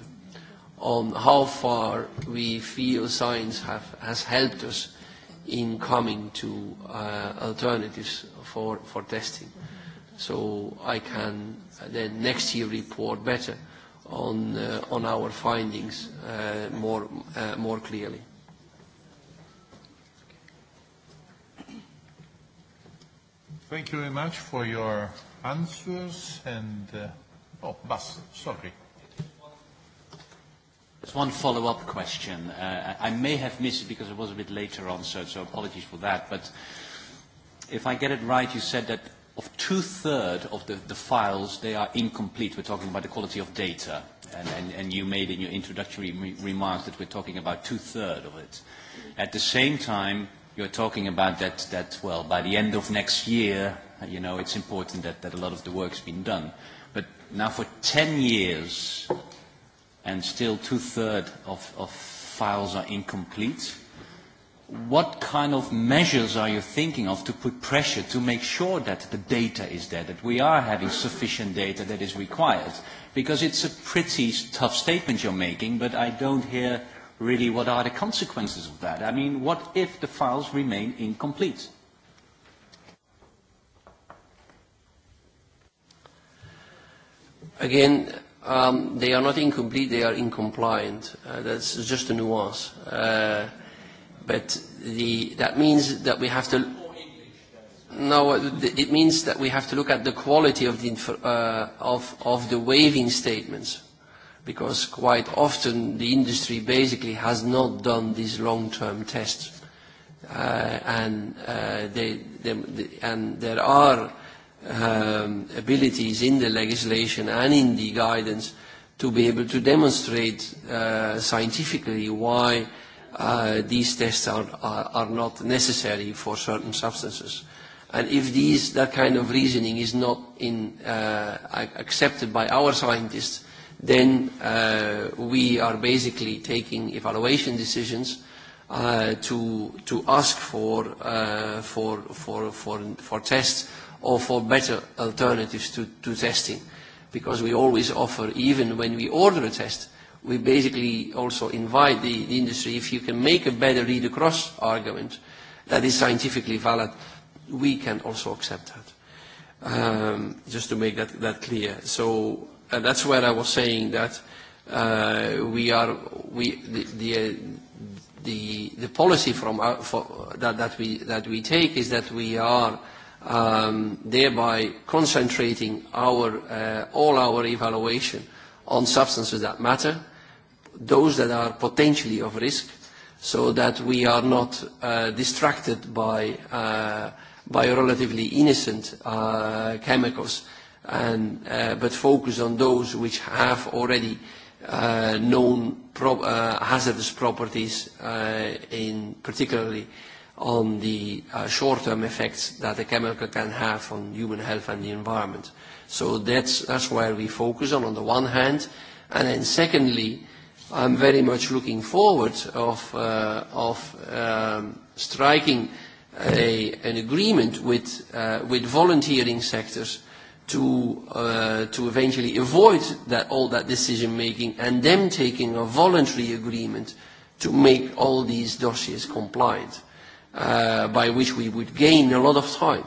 on how far we feel science have, has helped us uh, in coming to uh, alternatives for, for testing. Mm -hmm. So I can uh, then next year report better on, uh, on our findings uh, more, uh, more clearly. Thank you very much for your answers and, uh, oh, bus, sorry. Just one follow-up question. Uh, I may have missed it because I was a bit later on, so apologies for that. If I get it right, you said that of two-third of the files, they are incomplete. We're talking about the quality of data. You made in your introductory remarks that we're talking about two-third of it. At the same time, you're talking about that, well, by the end of next year, it's important that a lot of the work's been done. Now for 10 years, and still two-thirds of, of files are incomplete. What kind of measures are you thinking of to put pressure to make sure that the data is there, that we are having sufficient data that is required? Because it's a pretty tough statement you're making, but I don't hear really what are the consequences of that. I mean, what if the files remain incomplete? Again, Um, they are not incomplete, they are incompliant. Uh, that's just a nuance. Uh, but the, that means that we have to... No, it means that we have to look at the quality of the, uh, of, of the waiving statements because quite often the industry basically has not done these long-term tests. Uh, and, uh, they, they, and there are um, abilities in the legislation and in the guidance to be able to demonstrate uh, scientifically why uh, these tests are, are, are not necessary for certain substances. And if these, that kind of reasoning is not in, uh, accepted by our scientists, then uh, we are basically taking evaluation decisions uh, to, to ask for, uh, for, for, for, for tests or for better alternatives to, to testing. Because we always offer, even when we order a test, we basically also invite the, the industry, if you can make a better read-across argument that is scientifically valid, we can also accept that. Um, just to make that, that clear. So uh, that's where I was saying that uh, we are, we, the, the, uh, the, the policy from our, for, that, that, we, that we take is that we are, um, thereby concentrating our, uh, all our evaluation on substances that matter, those that are potentially of risk, so that we are not uh, distracted by, uh, by relatively innocent uh, chemicals, and, uh, but focus on those which have already uh, known pro uh, hazardous properties, uh, in particularly uh, on the uh, short-term effects that a chemical can have on human health and the environment. So that's, that's where we focus on, on the one hand. And then secondly, I'm very much looking forward of, uh, of um, striking a, an agreement with, uh, with volunteering sectors to, uh, to eventually avoid that, all that decision-making and them taking a voluntary agreement to make all these dossiers compliant. Mm -hmm. Uh, by which we would gain a lot of time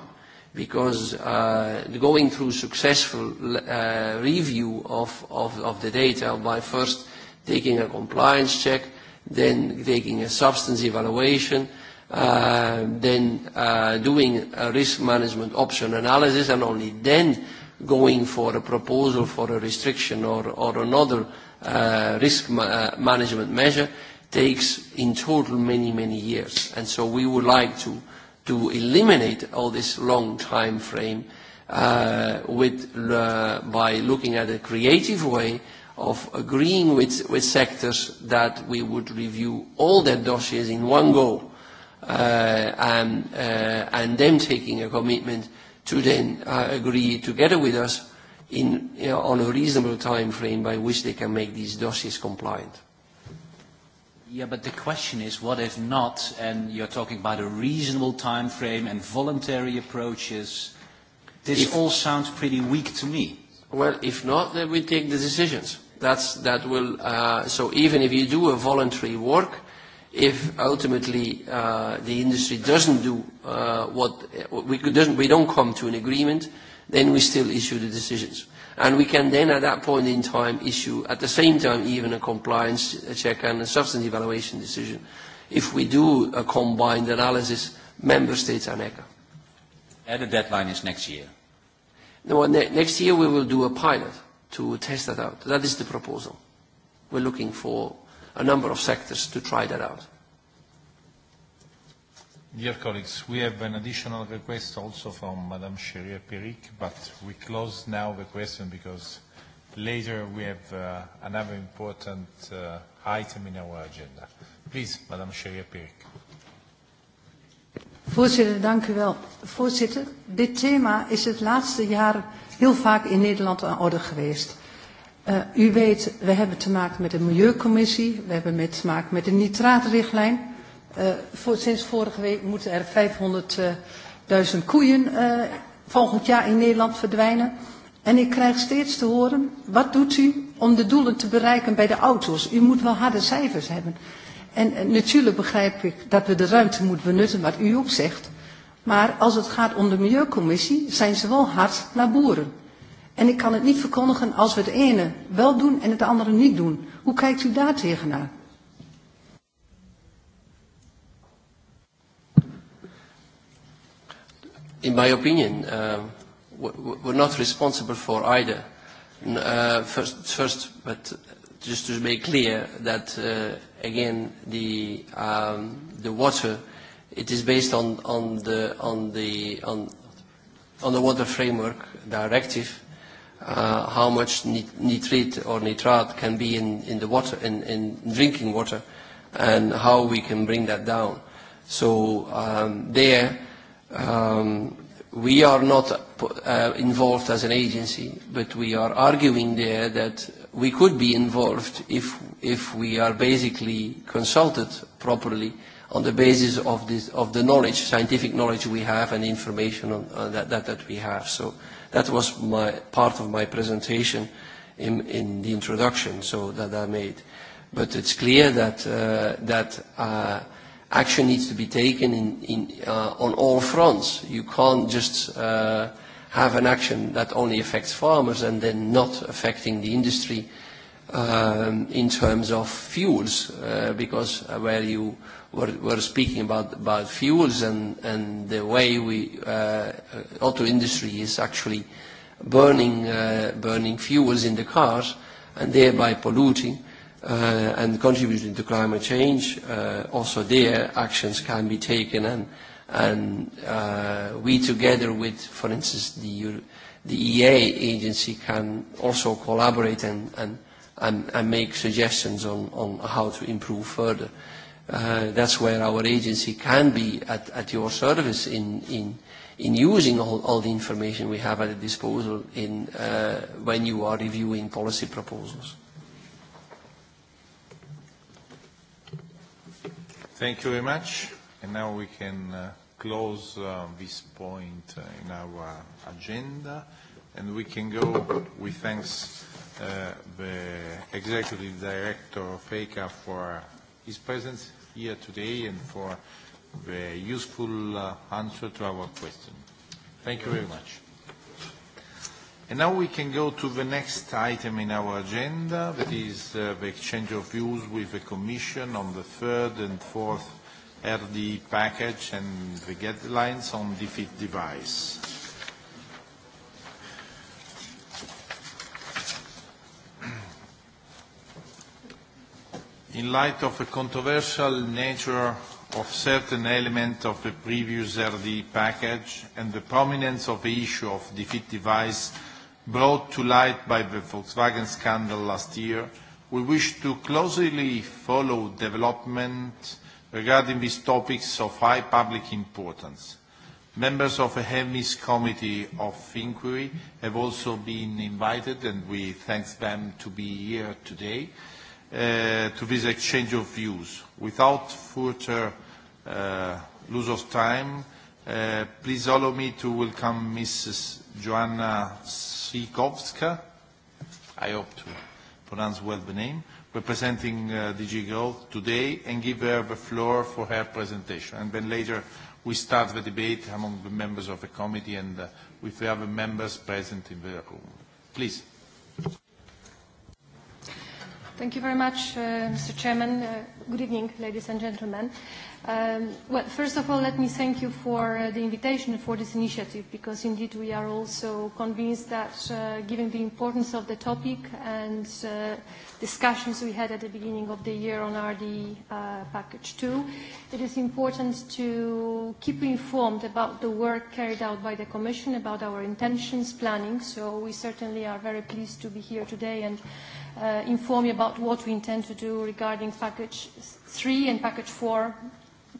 because uh, going through successful uh, review of, of, of the data by first taking a compliance check, then taking a substance evaluation, uh, then uh, doing a risk management option analysis and only then going for a proposal for a restriction or, or another uh, risk ma uh, management measure takes in total many, many years. And so we would like to, to eliminate all this long time frame uh, with, uh, by looking at a creative way of agreeing with, with sectors that we would review all their dossiers in one go uh, and, uh, and them taking a commitment to then uh, agree together with us in, you know, on a reasonable time frame by which they can make these dossiers compliant. Yeah, but the question is, what if not? And you're talking about a reasonable time frame and voluntary approaches. This if, all sounds pretty weak to me. Well, if not, then we take the decisions. That's, that will, uh, so even if you do a voluntary work, if ultimately uh, the industry doesn't do uh, what, we, doesn't, we don't come to an agreement, then we still issue the decisions and we can then at that point in time issue at the same time even a compliance check and a substance evaluation decision if we do a combined analysis member states and ECA. And the deadline is next year? No, ne next year we will do a pilot to test that out. That is the proposal. We're looking for a number of sectors to try that out. Dear colleagues, we have an additional request also from Madame Cherie Peric, but we close now the question because later we have uh, another important uh, item in our agenda. Please, Madame Cherie Peric. Voorzitter, dank u wel. Voorzitter, dit thema is het laatste jaar heel vaak in Nederland aan orde geweest. Uh, u weet, we hebben te maken met de Milieucommissie, we hebben te maken met de nitraatrichtlijn. Uh, voor, sinds vorige week moeten er 500.000 uh, koeien uh, volgend jaar in Nederland verdwijnen. En ik krijg steeds te horen, wat doet u om de doelen te bereiken bij de auto's? U moet wel harde cijfers hebben. En uh, natuurlijk begrijp ik dat we de ruimte moeten benutten wat u ook zegt. Maar als het gaat om de Milieucommissie, zijn ze wel hard naar boeren. En ik kan het niet verkondigen als we het ene wel doen en het andere niet doen. Hoe kijkt u daar tegenaan? in my opinion, um, we're not responsible for either. Uh, first, first, but just to make clear that, uh, again, the, um, the water, it is based on, on, the, on, the, on, on the water framework directive, uh, how much nit nitrate or nitrate can be in, in the water, in, in drinking water, and how we can bring that down. So um, there, um, we are not uh, involved as an agency, but we are arguing there that we could be involved if, if we are basically consulted properly on the basis of, this, of the knowledge, scientific knowledge we have and information on, on uh, that, that, that we have. So that was my, part of my presentation in, in the introduction so that I made. But it's clear that, uh, that uh, action needs to be taken in, in, uh, on all fronts. You can't just uh, have an action that only affects farmers and then not affecting the industry um, in terms of fuels, uh, because uh, where you were, were speaking about, about fuels and, and the way we uh, auto industry is actually burning, uh, burning fuels in the cars and thereby polluting, uh, and contributing to climate change, uh, also their actions can be taken and, and uh, we together with, for instance, the, the EA agency can also collaborate and, and, and, and make suggestions on, on how to improve further. Uh, that's where our agency can be at, at your service in, in, in using all, all the information we have at the disposal in, uh, when you are reviewing policy proposals. Mm -hmm. Thank you very much. Now we can uh, close uh, this point uh, in our agenda, and we can go. We thanks the Executive Director of ECA for his presence here today and for the useful answer to our question. Thank you very much. Now we can go to the next item in our agenda, that is uh, the exchange of views with the Commission on the third and fourth RD e package and the guidelines on defeat device. [CLEARS THROAT] In light of the controversial nature of certain elements of the previous RD e package and the prominence of the issue of defeat device brought to light by the Volkswagen scandal last year, we wish to closely follow development regarding these topics of high public importance. Members of the Hermes Committee of Inquiry have also been invited, and we thank them to be here today uh, to this exchange of views. Without further uh, loss of time, uh, please allow me to welcome Mrs. Joanna Sikovska, I hope to pronounce well the name, representing uh, DG Girl today and give her the floor for her presentation. And then later we start the debate among the members of the committee and uh, with the other members present in the room. Please. Thank you very much, uh, Mr. Chairman. Uh, good evening, ladies and gentlemen. Um, well, first of all, let me thank you for uh, the invitation for this initiative, because indeed we are also convinced that uh, given the importance of the topic and uh, discussions we had at the beginning of the year on RD uh, Package 2, it is important to keep informed about the work carried out by the Commission, about our intentions, planning. So we certainly are very pleased to be here today and uh, inform you about what we intend to do regarding package 3 and package 4,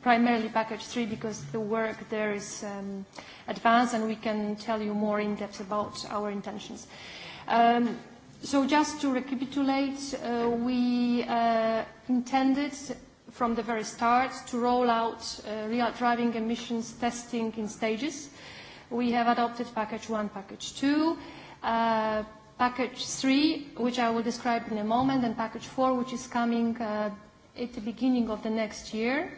primarily package 3 because the work there is um, advanced and we can tell you more in depth about our intentions. Um, so just to recapitulate, uh, we uh, intended from the very start to roll out uh, real driving emissions testing in stages. We have adopted package 1, package 2. Uh, package 3, which I will describe in a moment, and package 4, which is coming uh, at the beginning of the next year.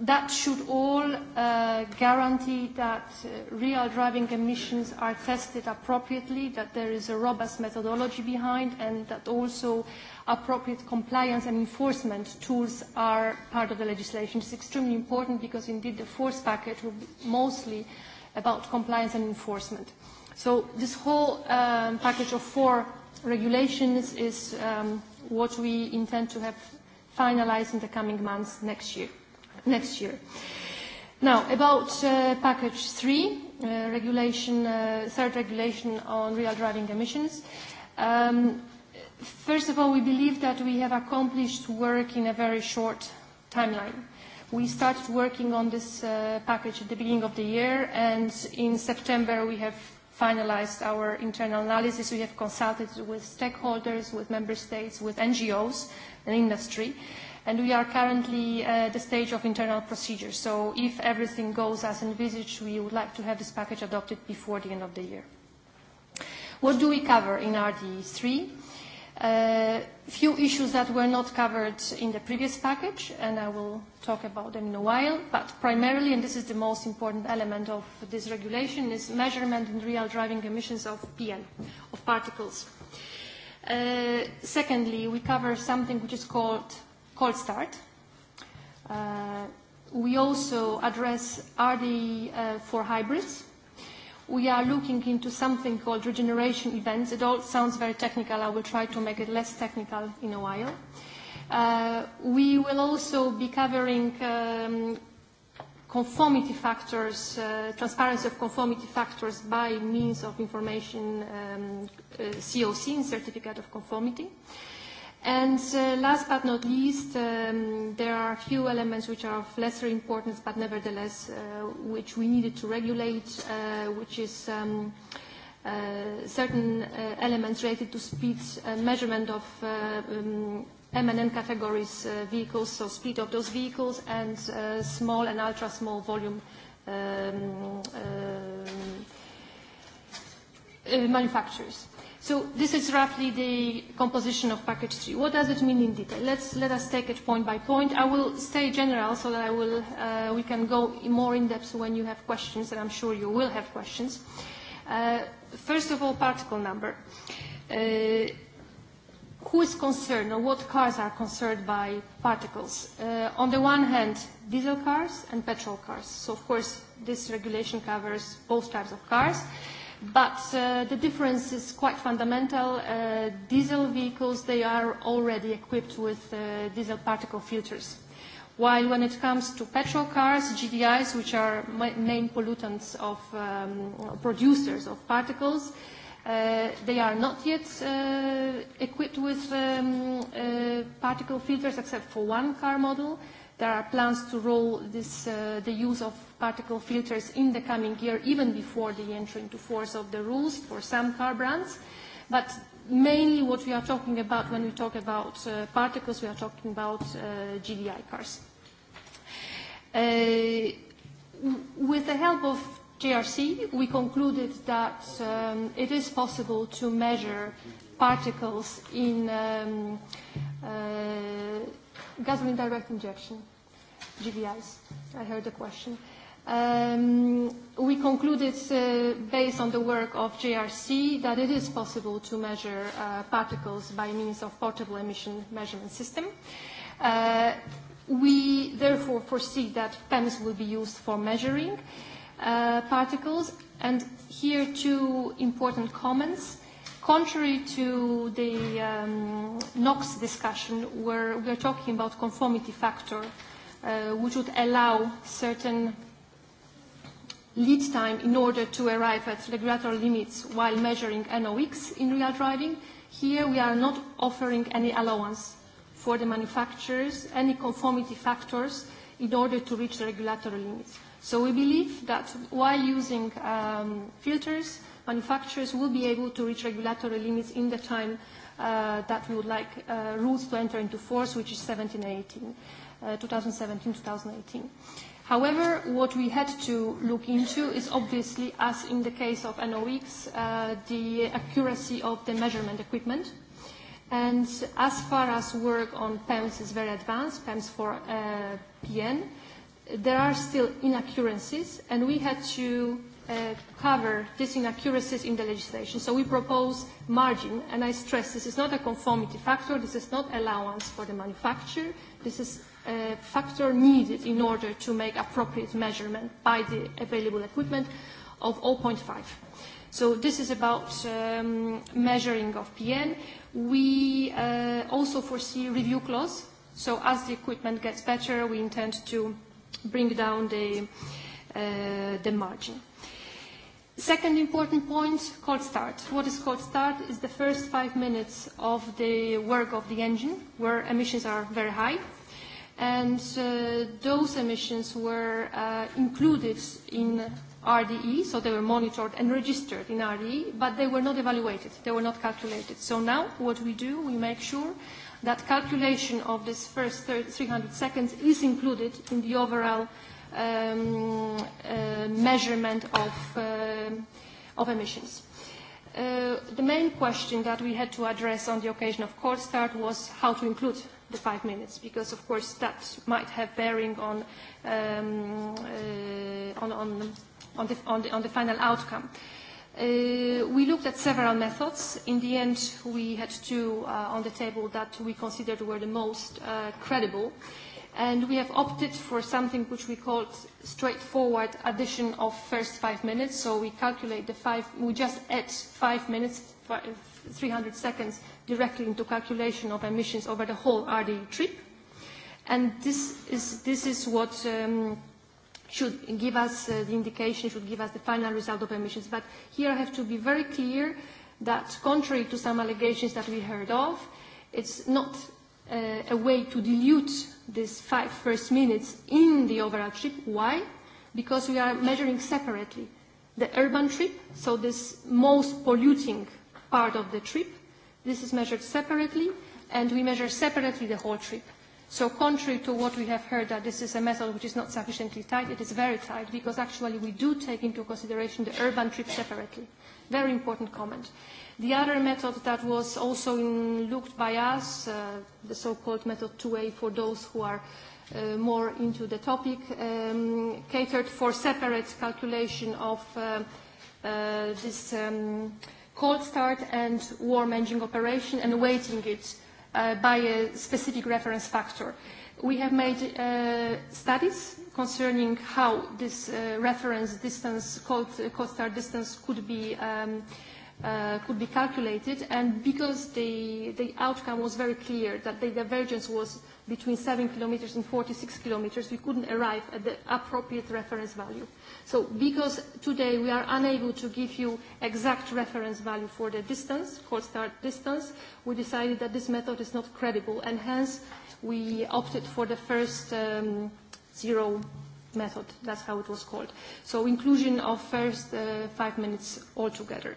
That should all uh, guarantee that uh, real driving emissions are tested appropriately, that there is a robust methodology behind, and that also appropriate compliance and enforcement tools are part of the legislation. It's extremely important because indeed the fourth package will be mostly about compliance and enforcement. Uh, So this whole um, package of four regulations is um, what we intend to have finalized in the coming months next year. Next year. Now, about uh, package three, uh, regulation, uh, third regulation on real driving emissions. Um, first of all, we believe that we have accomplished work in a very short timeline. We started working on this uh, package at the beginning of the year, and in September we have finalized our internal analysis. We have consulted with stakeholders, with member states, with NGOs and industry. And we are currently at the stage of internal procedures. So if everything goes as envisaged, we would like to have this package adopted before the end of the year. What do we cover in RDE 3? a uh, few issues that were not covered in the previous package, and I will talk about them in a while, but primarily, and this is the most important element of this regulation, is measurement in real driving emissions of PM, of particles. Uh, secondly, we cover something which is called cold start. Uh, we also address RDE uh, for hybrids we are looking into something called regeneration events. It all sounds very technical. I will try to make it less technical in a while. Uh, we will also be covering um, conformity factors, uh, transparency of conformity factors by means of information um, uh, COC, certificate of conformity. Uh, And uh, last but not least, um, there are a few elements which are of lesser importance, but nevertheless, uh, which we needed to regulate, uh, which is um, uh, certain uh, elements related to speed uh, measurement of uh, um, M&N categories uh, vehicles, so speed of those vehicles, and uh, small and ultra-small volume um, uh, uh, manufacturers. So this is roughly the composition of package three. What does it mean in detail? Let's, let us take it point by point. I will stay general so that I will, uh, we can go more in depth when you have questions, and I'm sure you will have questions. Uh, first of all, particle number. Uh, who is concerned or what cars are concerned by particles? Uh, on the one hand, diesel cars and petrol cars. So of course, this regulation covers both types of cars. Okay but uh, the difference is quite fundamental. Uh, diesel vehicles, they are already equipped with uh, diesel particle filters. While when it comes to petrol cars, GDIs, which are main pollutants of um, producers of particles, uh, they are not yet uh, equipped with um, uh, particle filters except for one car model. Uh, There are plans to roll this, uh, the use of particle filters in the coming year, even before the entry into force of the rules for some car brands. But mainly what we are talking about when we talk about uh, particles, we are talking about uh, GDI cars. Uh, with the help of GRC, we concluded that um, it is possible to measure particles in um, uh, gasoline direct injection, GDIs. I heard the question. Um, we concluded, uh, based on the work of JRC, that it is possible to measure uh, particles by means of portable emission measurement system. Uh, we therefore foresee that PEMS will be used for measuring uh, particles. And here, two important comments contrary to the um, NOx discussion, where we are talking about conformity factor, uh, which would allow certain lead time in order to arrive at regulatory limits while measuring NOx in real driving, here we are not offering any allowance for the manufacturers, any conformity factors in order to reach the regulatory limits. So we believe that while using um, filters, manufacturers will be able to reach regulatory limits in the time uh, that we would like uh, rules to enter into force, which is 17 and 18, uh, 2017, 2018. However, what we had to look into is obviously, as in the case of NOx, uh, the accuracy of the measurement equipment. And as far as work on PEMS is very advanced, PEMS for uh, PN, there are still inaccuracies, and we had to uh, cover these inaccuracies in the legislation. So we propose margin, and I stress this is not a conformity factor, this is not allowance for the manufacturer, this is a factor needed in order to make appropriate measurement by the available equipment of 0.5. So this is about um, measuring of PN. We uh, also foresee review clause. So as the equipment gets better, we intend to bring down the, uh, the margin. Second important point, cold start. What is cold start? It's the first five minutes of the work of the engine where emissions are very high. And uh, those emissions were uh, included in RDE, so they were monitored and registered in RDE, but they were not evaluated, they were not calculated. So now what we do, we make sure that calculation of this first 300 seconds is included in the overall uh, um, uh, measurement of, uh, of emissions. Uh, the main question that we had to address on the occasion of cold start was how to include the five minutes, because of course that might have bearing on, um, uh, on, on, on, the, on, the, on the final outcome. Uh, we looked at several methods. In the end, we had two uh, on the table that we considered were the most uh, credible. Uh, and we have opted for something which we call straightforward addition of first five minutes. So we calculate the five, we just add five minutes, five, 300 seconds directly into calculation of emissions over the whole RDE trip. And this is, this is what um, should give us uh, the indication, should give us the final result of emissions. But here I have to be very clear that contrary to some allegations that we heard of, it's not uh, a way to dilute these five first minutes in the overall trip. Why? Because we are measuring separately the urban trip, so this most polluting part of the trip. This is measured separately, and we measure separately the whole trip. So contrary to what we have heard that this is a method which is not sufficiently tight, it is very tight because actually we do take into consideration the urban trip separately. Very important comment. Uh, The other method that was also in, looked by us, uh, the so-called method 2A for those who are uh, more into the topic, um, catered for separate calculation of uh, uh, this um, cold start and warm engine operation and weighting it uh, by a specific reference factor. We have made uh, studies concerning how this uh, reference distance, cold, cold start distance, could be um, uh, could be calculated, and because the, the outcome was very clear that the divergence was between 7 kilometers and 46 kilometers, we couldn't arrive at the appropriate reference value. So because today we are unable to give you exact reference value for the distance, cold start distance, we decided that this method is not credible, and hence we opted for the first um, zero method. That's how it was called. So inclusion of first uh, five minutes altogether. together.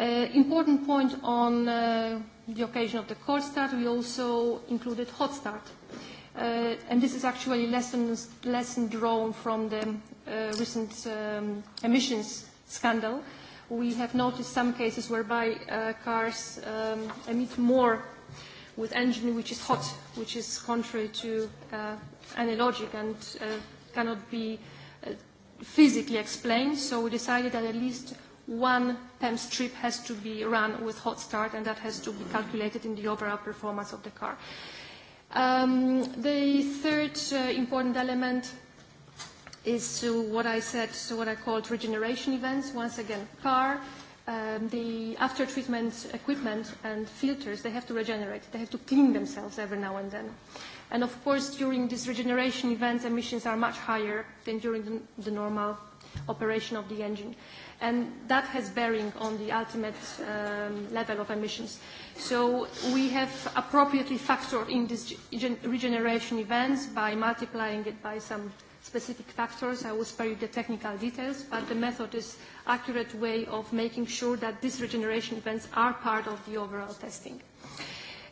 Uh, important point on uh, the occasion of the cold start, we also included hot start. Uh, and this is actually lessons, lesson drawn from the uh, recent um, emissions scandal. We have noticed some cases whereby uh, cars um, emit more with engine which is hot, which is contrary to uh, any logic and uh, cannot be uh, physically explained. So we decided that at least one PEM strip has to be run with hot start and that has to be calculated in the overall performance of the car. Um, the third uh, important element is to uh, what I said, so what I called regeneration events. Once again, car, um, the after-treatment equipment and filters, they have to regenerate. They have to clean themselves every now and then. And of course, during these regeneration events, emissions are much higher than during the, the normal operation of the engine. And that has bearing on the ultimate um, level of emissions. So we have appropriately factored in these regeneration events by multiplying it by some specific factors. I will spare you the technical details, but the method is accurate way of making sure that these regeneration events are part of the overall testing.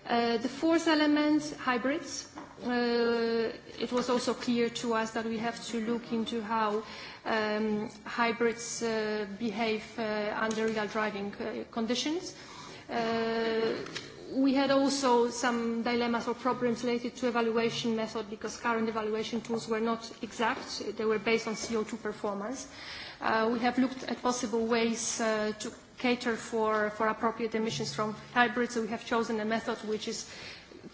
Uh, the fourth element, hybrids uh, it was also clear to us that we have to look into how um, hybrids uh, behave uh, under real driving uh, conditions. Uh, we had also some dilemmas or problems related to evaluation method because current evaluation tools were not exact. They were based on CO2 performance. Uh, we have looked at possible ways uh, to cater for, for appropriate emissions from hybrids. So we have chosen a method which is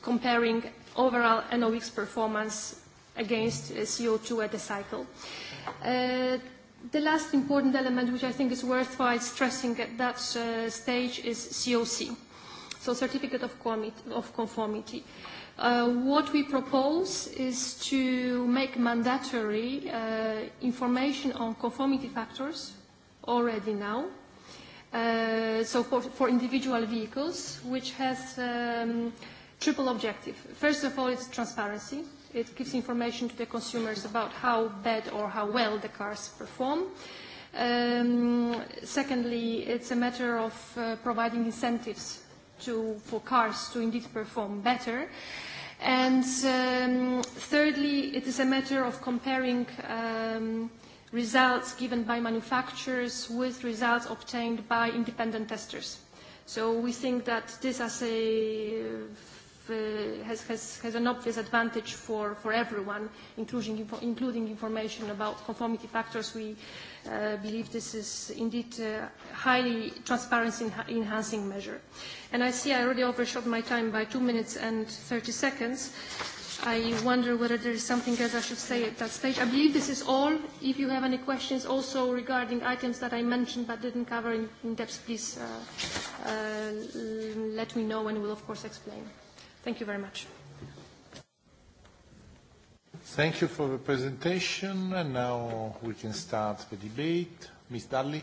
comparing overall NOx performance against CO2 at the cycle. Uh, the last important element, which I think is worthwhile stressing at that uh, stage, is COC, so Certificate of, of Conformity. Uh, what we propose is to make mandatory uh, information on conformity factors already now, uh, so for, for individual vehicles, which has... Um, triple objective. First of all, it's transparency. It gives information to the consumers about how bad or how well the cars perform. Um, secondly, it's a matter of uh, providing incentives to, for cars to indeed perform better. And um, thirdly, it is a matter of comparing um, results given by manufacturers with results obtained by independent testers. So we think that this as a Uh, has, has, has an obvious advantage for, for everyone, including, including information about conformity factors. We uh, believe this is indeed a uh, highly transparency-enhancing measure. And I see I already overshot my time by two minutes and 30 seconds. I wonder whether there is something else I should say at that stage. I believe this is all. If you have any questions also regarding items that I mentioned but didn't cover in, in depth, please uh, uh, let me know and we'll of course explain. Thank you very much. Thank you for the presentation. Now we can start the debate. Ms. Dalli.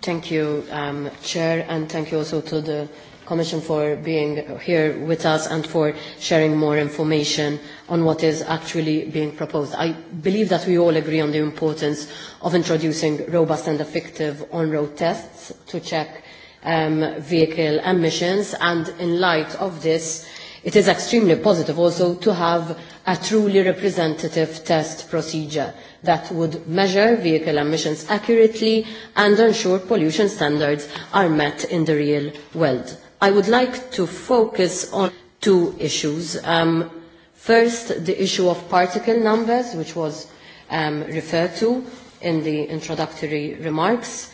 Thank you, um, Chair, and thank you also to the Commission for being here with us and for sharing more information on what is actually being proposed. I believe that we all agree on the importance of introducing robust and effective on-road tests to check um, vehicle emissions. And in light of this, it is extremely positive also to have a truly representative test procedure that would measure vehicle emissions accurately and ensure pollution standards are met in the real world. I would like to focus on two issues. Um, first, the issue of particle numbers, which was um, referred to in the introductory remarks.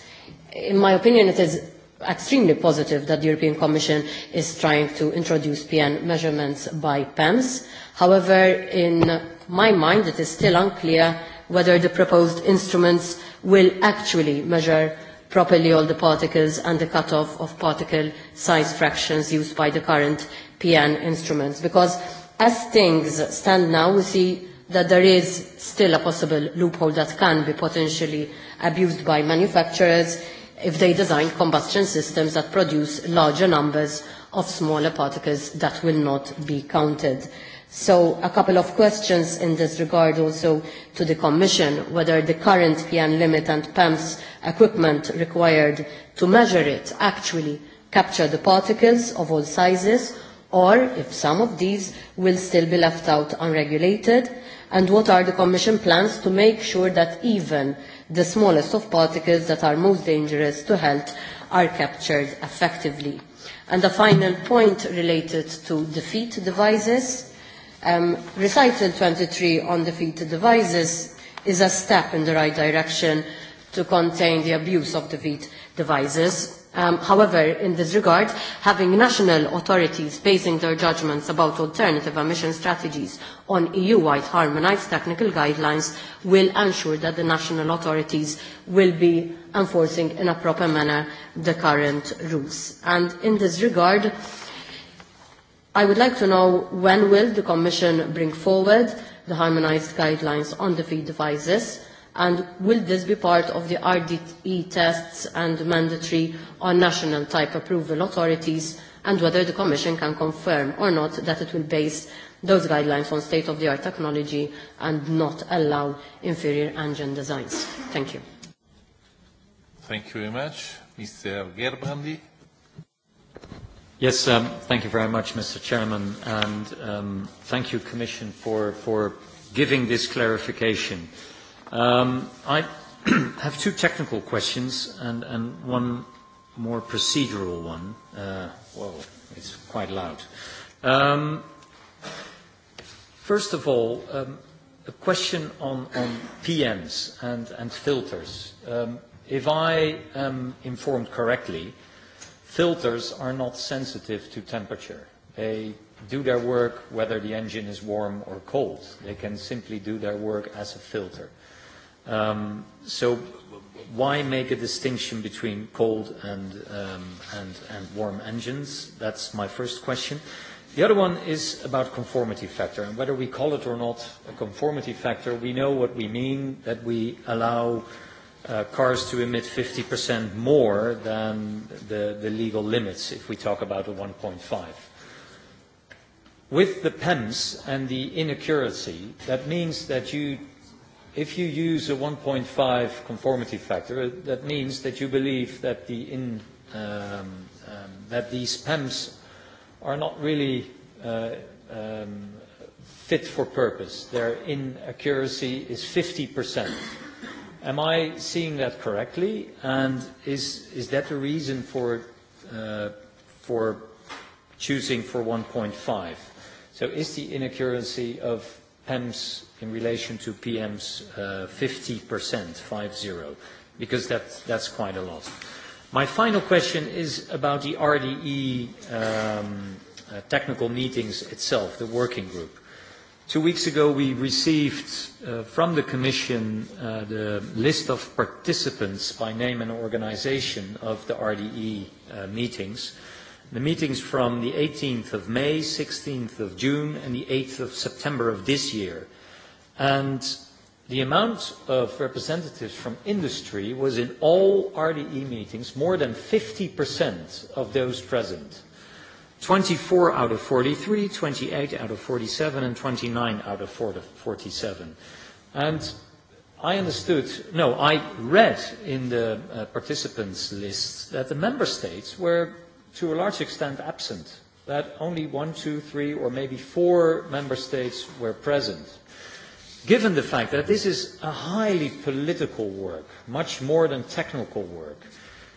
In my opinion, it is extremely positive that the European Commission is trying to introduce PN measurements by PEMS. However, in my mind, it is still unclear whether the proposed instruments will actually measure properly all the particles and the cutoff of particle size fractions used by the current PN instruments. Because as things stand now, we see that there is still a possible loophole that can be potentially abused by manufacturers if they design combustion systems that produce larger numbers of smaller particles that will not be counted. So a couple of questions in this regard also to the Commission, whether the current PN limit and PEMS equipment required to measure it actually capture the particles of all sizes, or if some of these will still be left out unregulated, and what are the Commission plans to make sure that even the smallest of particles that are most dangerous to health are captured effectively. And the final point related to defeat devices, um, Recital 23 on defeat devices is a step in the right direction to contain the abuse of defeat devices. Um, however, in this regard, having national authorities basing their judgments about alternative emission strategies on EU-wide harmonized technical guidelines will ensure that the national authorities will be enforcing in a proper manner the current rules. And in this regard, I would like to know when will the Commission bring forward the harmonized guidelines on the feed devices, uh, and will this be part of the RDE tests and mandatory on national type approval authorities and whether the Commission can confirm or not that it will base those guidelines on state-of-the-art technology and not allow inferior engine designs. Thank you. Thank you very much. Mr. Gerbrandi. Yes, um, thank you very much, Mr. Chairman, and um, thank you, Commission, for, for giving this clarification. Um, I [CLEARS THROAT] have two technical questions and, and one more procedural one. Uh, whoa, it's quite loud. Um, first of all, um, a question on, on PMs and, and filters. Um, if I am informed correctly, filters are not sensitive to temperature. They do their work whether the engine is warm or cold. They can simply do their work as a filter. Um, so why make a distinction between cold and, um, and, and warm engines? That's my first question. The other one is about conformity factor, and whether we call it or not a conformity factor, we know what we mean, that we allow uh, cars to emit 50% more than the, the legal limits if we talk about a 1.5. With the PEMS and the inaccuracy, that means that you if you use a 1.5 conformity factor, uh, that means that you believe that the in um, um, that these PEMs are not really uh, um, fit for purpose. Their inaccuracy is 50 percent. Am I seeing that correctly? And is is that the reason for uh, for choosing for 1.5? So is the inaccuracy of PEMs in relation to PM's uh, 50%, 5-0, because that, that's quite a lot. My final question is about the RDE um, uh, technical meetings itself, the working group. Two weeks ago, we received uh, from the Commission uh, the list of participants by name and organization of the RDE uh, meetings. The meetings from the 18th of May, 16th of June, and the 8th of September of this year. And the amount of representatives from industry was in all RDE meetings more than 50% of those present. 24 out of 43, 28 out of 47, and 29 out of 47. And I understood, no, I read in the uh, participants list that the member states were to a large extent absent, that only one, two, three, or maybe four member states were present given the fact that this is a highly political work, much more than technical work,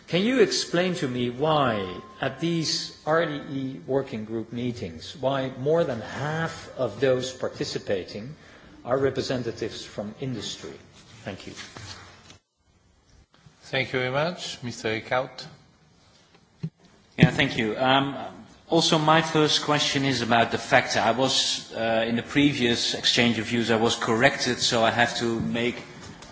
can you explain to me why at these RDE e working group meetings, why more than half of those participating are representatives from industry? Thank you. Thank you very much. Mr. Eickhout. Yeah, thank you. Um, Also, my first question is about the fact that I was, uh, in the previous exchange of views, I was corrected, so I have to make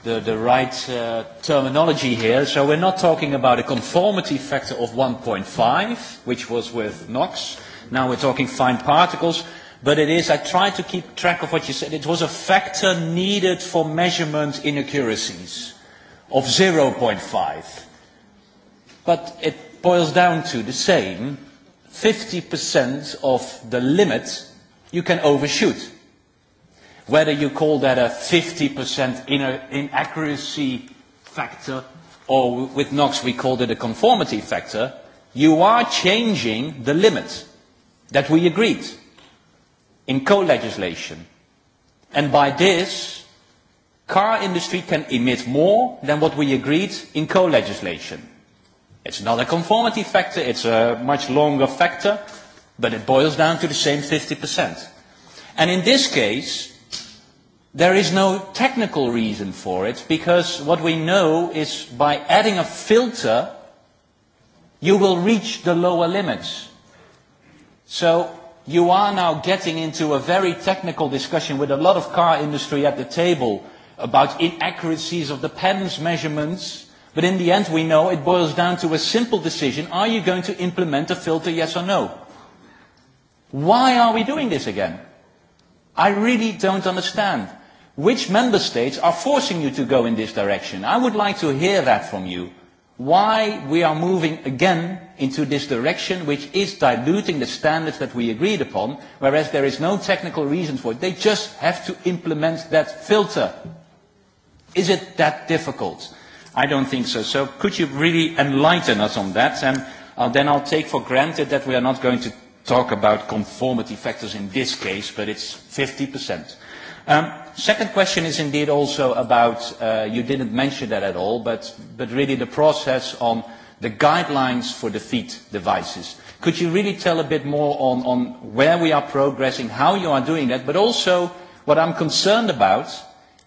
the, the right uh, terminology here. So we're not talking about a conformity factor of 1.5, which was with NOx. Now we're talking fine particles. But it is, I tried to keep track of what you said, it was a factor needed for measurement inaccuracies of 0.5. But it boils down to the same. 50% of the limit you can overshoot. Whether you call that a 50% inaccuracy factor or with Knox we called it a conformity factor, you are changing the limit that we agreed in co-legislation. And by this, car industry can emit more than what we agreed in co-legislation. It's not a conformity factor, it's a much longer factor, but it boils down to the same 50%. And in this case, there is no technical reason for it, because what we know is by adding a filter, you will reach the lower limits. So you are now getting into a very technical discussion with a lot of car industry at the table about inaccuracies of the PEMS measurements. But in the end, we know it boils down to a simple decision. Are you going to implement a filter, yes or no? Why are we doing this again? I really don't understand. Which member states are forcing you to go in this direction? I would like to hear that from you. Why we are moving again into this direction, which is diluting the standards that we agreed upon, whereas there is no technical reason for it. They just have to implement that filter. Is it that difficult? I don't think so. So could you really enlighten us on that? And uh, then I'll take for granted that we are not going to talk about conformity factors in this case, but it's 50%. Um, second question is indeed also about, uh, you didn't mention that at all, but, but really the process on the guidelines for defeat devices. Could you really tell a bit more on, on where we are progressing, how you are doing that, but also what I'm concerned about,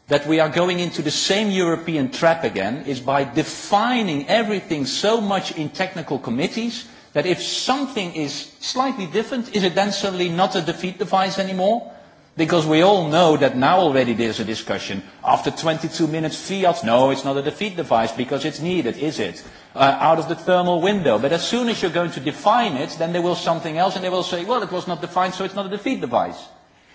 that we are going into the same European trap again is by defining everything so much in technical committees that if something is slightly different, is it then suddenly not a defeat device anymore? Because we all know that now already there's a discussion. After 22 minutes, fiat, no, it's not a defeat device because it's needed, is it? Uh, out of the thermal window. But as soon as you're going to define it, then there will something else and they will say, well, it was not defined, so it's not a defeat device.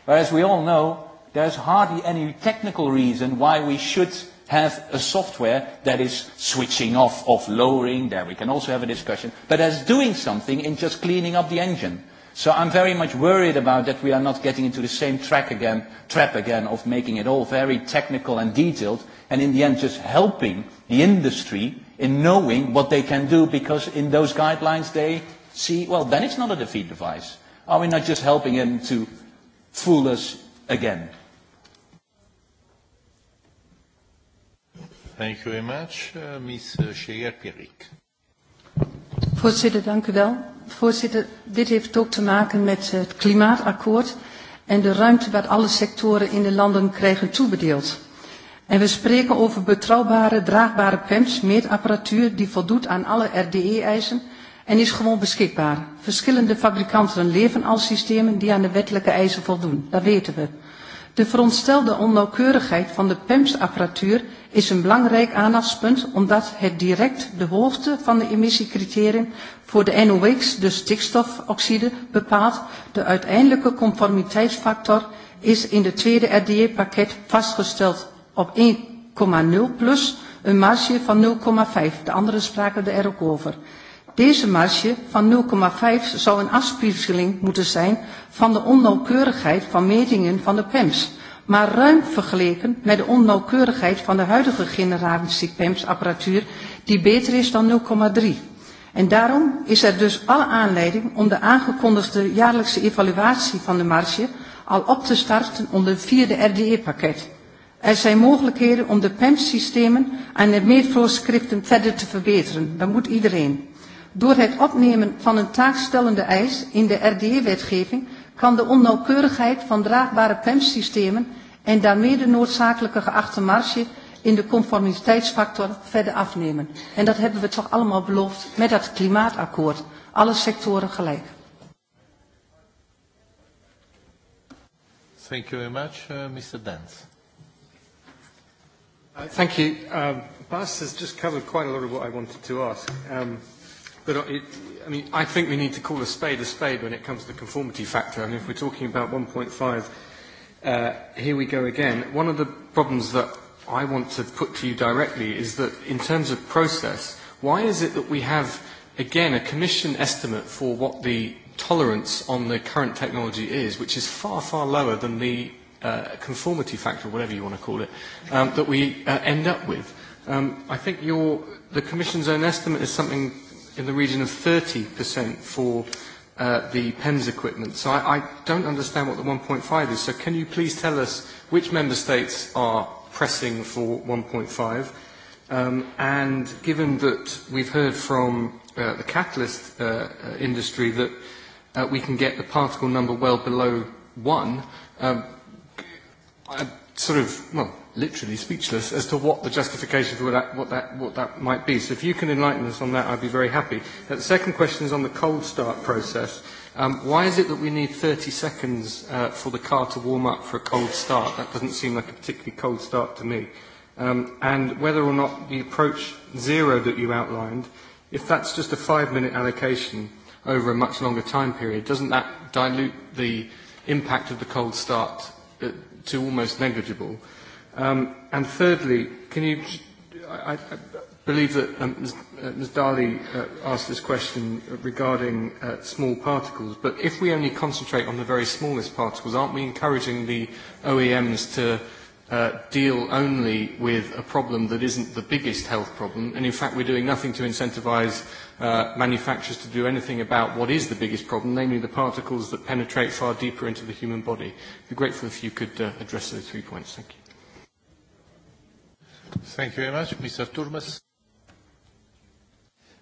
Whereas we all know there's hardly any technical reason why we should have a software that is switching off, off lowering, there we can also have a discussion, but as doing something in just cleaning up the engine. So I'm very much worried about that we are not getting into the same track again, trap again of making it all very technical and detailed, and in the end just helping the industry in knowing what they can do, because in those guidelines they see, well, then it's not a defeat device. Are we not just helping them to fool us again? Thank you very much. Uh, Ms. Uh, Scheer-Pierik. Voorzitter, dank u wel. Voorzitter, dit heeft ook te maken met het klimaatakkoord en de ruimte waar alle sectoren in de landen krijgen toebedeeld. En we spreken over betrouwbare, draagbare PEMS, meetapparatuur die voldoet aan alle RDE-eisen en is gewoon beschikbaar. Verschillende fabrikanten leveren al systemen die aan de wettelijke eisen voldoen. Dat weten we. De veronderstelde onnauwkeurigheid van de PEMS-apparatuur is een belangrijk aandachtspunt omdat het direct de hoogte van de emissiecriterium voor de NOx, de stikstofoxide, bepaalt. De uiteindelijke conformiteitsfactor is in het tweede RDE-pakket vastgesteld op 1,0 plus een marge van 0,5. De anderen spraken er ook over. Deze marge van 0,5 zou een afspiegeling moeten zijn van de onnauwkeurigheid van metingen van de PEMS, maar ruim vergeleken met de onnauwkeurigheid van de huidige generatie PEMS-apparatuur, die beter is dan 0,3. En daarom is er dus alle aanleiding om de aangekondigde jaarlijkse evaluatie van de marge al op te starten onder het vierde RDE-pakket. Er zijn mogelijkheden om de PEMS-systemen en de meetvoorschriften verder te verbeteren. Dat moet iedereen. Door het opnemen van een taakstellende eis in de RDE-wetgeving kan de onnauwkeurigheid van draagbare PEM-systemen en daarmee de noodzakelijke geachte marge in de conformiteitsfactor verder afnemen. En dat hebben we toch allemaal beloofd met dat klimaatakkoord. Alle sectoren gelijk. Thank you very much, uh, Mr. Dance. Uh, thank you. Um, Bas has just covered quite a lot of what I wanted to ask. Um, But uh, it, I mean, I think we need to call a spade a spade when it comes to the conformity factor. I mean, if we're talking about 1.5, uh, here we go again. One of the problems that I want to put to you directly is that in terms of process, why is it that we have, again, a commission estimate for what the tolerance on the current technology is, which is far, far lower than the uh, conformity factor, whatever you want to call it, um, that we uh, end up with? Um, I think your, the commission's own estimate is something in the region of 30% for uh, the PEMS equipment. So I, I don't understand what the 1.5 is. So can you please tell us which member states are pressing for 1.5? Um, and given that we've heard from uh, the catalyst uh, uh, industry that uh, we can get the particle number well below one, um, I sort of, well, literally speechless as to what the justification for that, what, that, what that might be. So if you can enlighten us on that, I'd be very happy. Now, the second question is on the cold start process. Um, why is it that we need 30 seconds uh, for the car to warm up for a cold start? That doesn't seem like a particularly cold start to me. Um, and whether or not the approach zero that you outlined, if that's just a five-minute allocation over a much longer time period, doesn't that dilute the impact of the cold start uh, to almost negligible? Um, and thirdly, can you? I, I believe that um, Ms. Uh, Dali uh, asked this question regarding uh, small particles. But if we only concentrate on the very smallest particles, aren't we encouraging the OEMs to uh, deal only with a problem that isn't the biggest health problem? And in fact, we're doing nothing to incentivize uh, manufacturers to do anything about what is the biggest problem, namely the particles that penetrate far deeper into the human body. I'd be grateful if you could uh, address those three points. Thank you. Thank you very much. Mr. Turmes.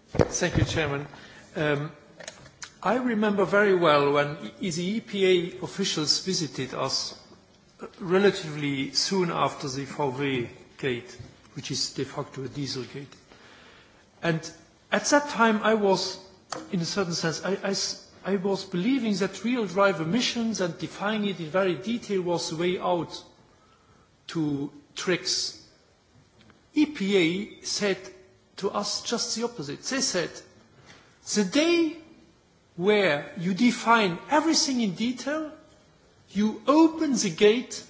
Thank you, Chairman. Um, I remember very well when e-, the EPA officials visited us uh, relatively soon after the VW gate, which is de facto a diesel gate. And at that time, I was, in a certain sense, I, I, I was believing that real drive emissions and defining it in very detail was the way out to tricks EPA said to us just the opposite. They said, the day where you define everything in detail, you open the gate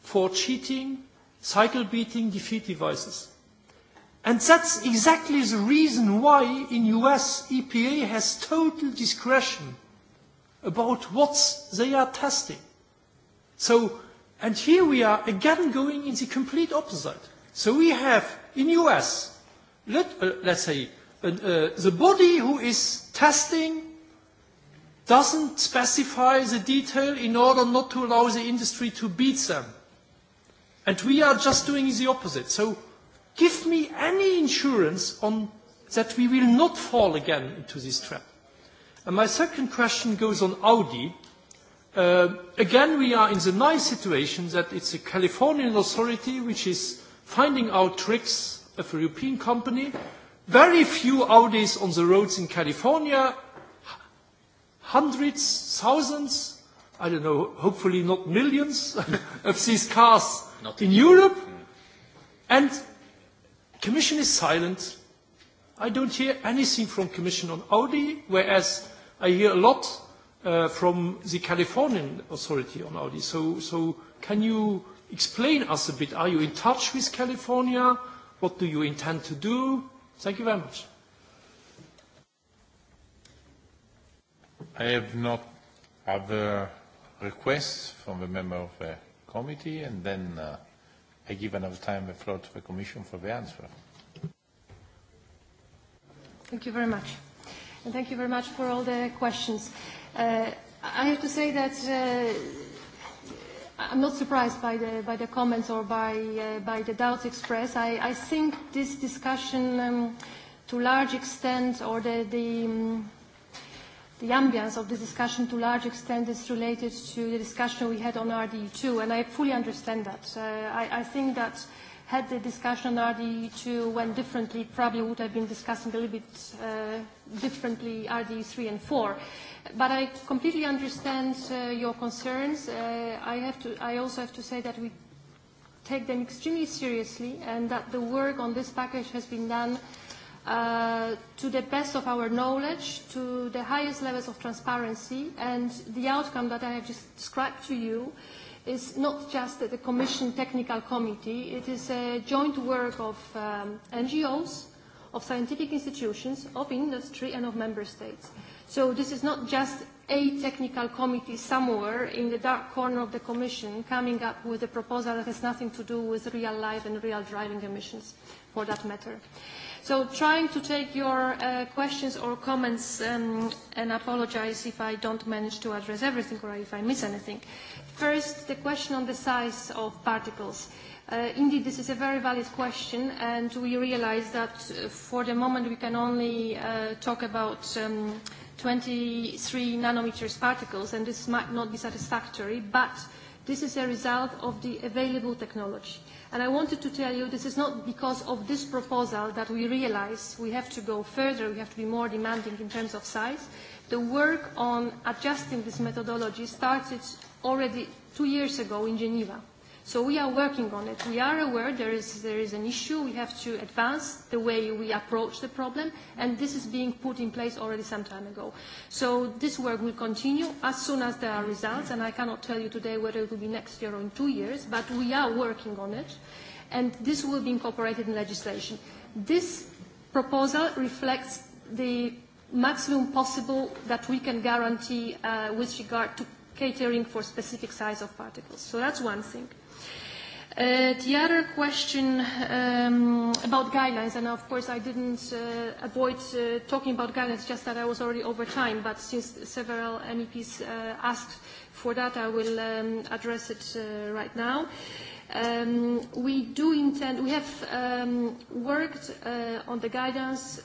for cheating, cycle beating, defeat devices. And that's exactly the reason why in US EPA has total discretion about what they are testing. So, and here we are again going in the complete opposite. So we have in US, let, uh, let's say, an, uh, the body who is testing doesn't specify the detail in order not to allow the industry to beat them. And we are just doing the opposite. So give me any insurance on that we will not fall again into this trap. And my second question goes on Audi. Uh, again, we are in the nice situation that it's a Californian authority which is finding out tricks of a European company. Very few Audis on the roads in California. Hundreds, thousands, I don't know, hopefully not millions [LAUGHS] of these cars not in Europe. Europe. And Commission is silent. I don't hear anything from Commission on Audi, whereas I hear a lot uh, from the Californian authority on Audi. So, so can you explain us a bit. Are you in touch with California? What do you intend to do? Thank you very much. I have no other requests from the member of the committee, and then uh, I give another time the floor to the commission for the answer. Thank you very much. And thank you very much for all the questions. Uh, I have to say that uh, I'm not surprised by the by the comments or by uh, by the doubts expressed. I, I think this discussion, um, to large extent, or the the um, the ambience of the discussion to a large extent is related to the discussion we had on RDE2, and I fully understand that. Uh, I, I think that had the discussion on RDE2 went differently, probably would have been discussing a little bit uh, differently RDE3 and 4. But I completely understand uh, your concerns. Uh, I, have to, I also have to say that we take them extremely seriously and that the work on this package has been done uh, to the best of our knowledge, to the highest levels of transparency, and the outcome that I have just described to you is not just the Commission Technical Committee, it is a joint work of um, NGOs, uh, of scientific institutions, of industry, and of member states. So this is not just a technical committee somewhere in the dark corner of the Commission coming up with a proposal that has nothing to do with real life and real driving emissions, for that matter. So trying to take your uh, questions or comments um, and apologize if I don't manage to address everything or if I miss anything. First, the question on the size of particles. Uh, Uh, indeed, this is a very valid question, and we realize that uh, for the moment we can only uh, talk about um, 23 nanometers particles, and this might not be satisfactory, but this is a result of the available technology. And I wanted to tell you this is not because of this proposal that we realize we have to go further, we have to be more demanding in terms of size. The work on adjusting this methodology started already two years ago in Geneva. We are working on it. We are aware there is an issue. We have to advance the way we approach the problem, and this is being put in place already some time ago. This work will continue as soon as there are results, and I cannot tell you today whether it will be next year or in two years, but we are working on it, and this will be incorporated in legislation. This proposal reflects the maximum possible that we can guarantee uh, with regard to catering for specific size of particles. That's one thing. Uh, the other question um, about guidelines, and of course, I didn't uh, avoid uh, talking about guidelines, just that I was already over time, but since several MEPs asked for that, I will um, address it right now. Um, we have worked on the guidance,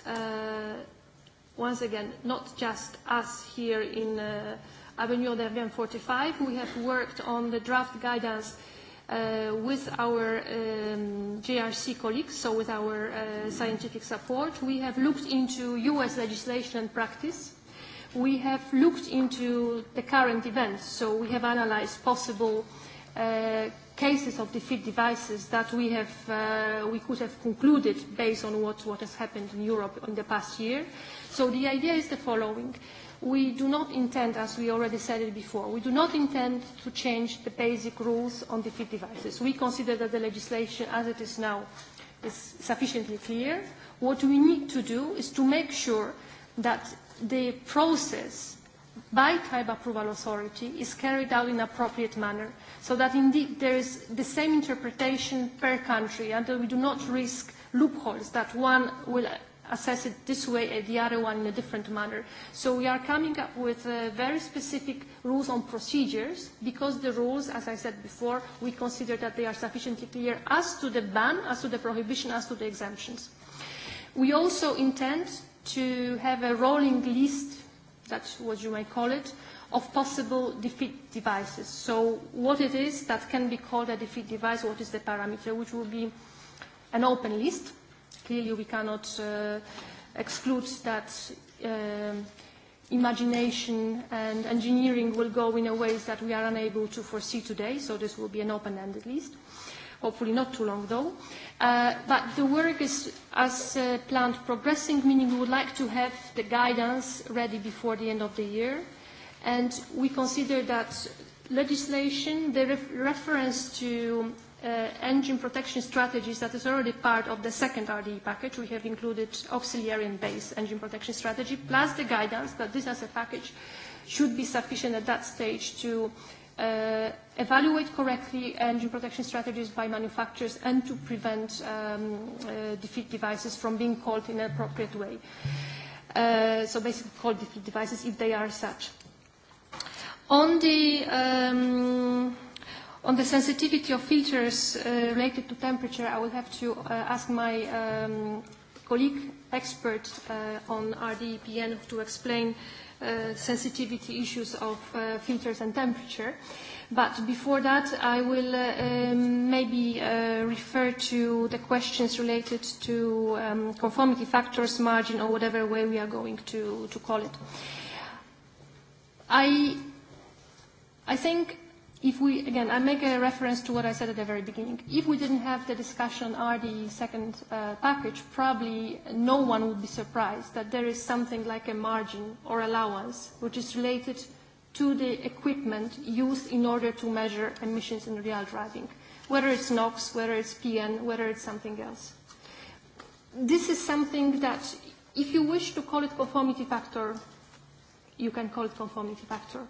once again, not just us here in Avenue de Ardèvres 45. We have worked on the draft guidance uh, with our um, JRC colleagues, so with our uh, scientific support. We have looked into US legislation and practice. We have looked into the current events, so we have analyzed possible uh, cases of defeat devices that we, have, uh, we could have concluded based on what, what has happened in Europe in the past year. So the idea is the following. Uh, we do not intend, as we already said it before, we do not intend to change the basic rules on defeat devices. We consider that the legislation as it is now is sufficiently clear. What we need to do is to make sure that the process by type approval authority is carried out in appropriate manner so that indeed there is the same interpretation per country and that we do not risk loopholes that one will assess it this way and uh, the other one in a different manner. So we are coming up with uh, very specific rules on procedures because the rules, as I said before, we consider that they are sufficiently clear as to the ban, as to the prohibition, as to the exemptions. We also intend to have a rolling list, that's what you might call it, of possible defeat devices. So what it is that can be called a defeat device, what is the parameter, which will be an open list clearly we cannot uh, exclude that uh, imagination and engineering will go in a ways that we are unable to foresee today, so this will be an open end at least. Hopefully not too long though. Uh, but the work is as uh, planned progressing, meaning we would like to have the guidance ready before the end of the year. And we consider that legislation, the ref reference to uh, engine protection strategies that is already part of the second RDE package. We have included auxiliary and base engine protection strategy, plus the guidance that this as a package should be sufficient at that stage to uh, evaluate correctly engine protection strategies by manufacturers and to prevent um, uh, defeat devices from being called in an appropriate way. Uh, so basically called defeat devices if they are such. On the... Um, On the sensitivity of filters uh, related to temperature, I will have to uh, ask my um, colleague expert uh, on RDEPN to explain uh, sensitivity issues of uh, filters and temperature. But before that, I will uh, um, maybe uh, refer to the questions related to um, conformity factors, margin, or whatever way we are going to, to call it. I, I think if we, again, I make a reference to what I said at the very beginning. If we didn't have the discussion RD second uh, package, probably no one would be surprised that there is something like a margin or allowance which is related to the equipment used in order to measure emissions in real driving, whether it's NOx, whether it's PN, whether it's something else. This is something that, if you wish to call it conformity factor, you can call it conformity factor.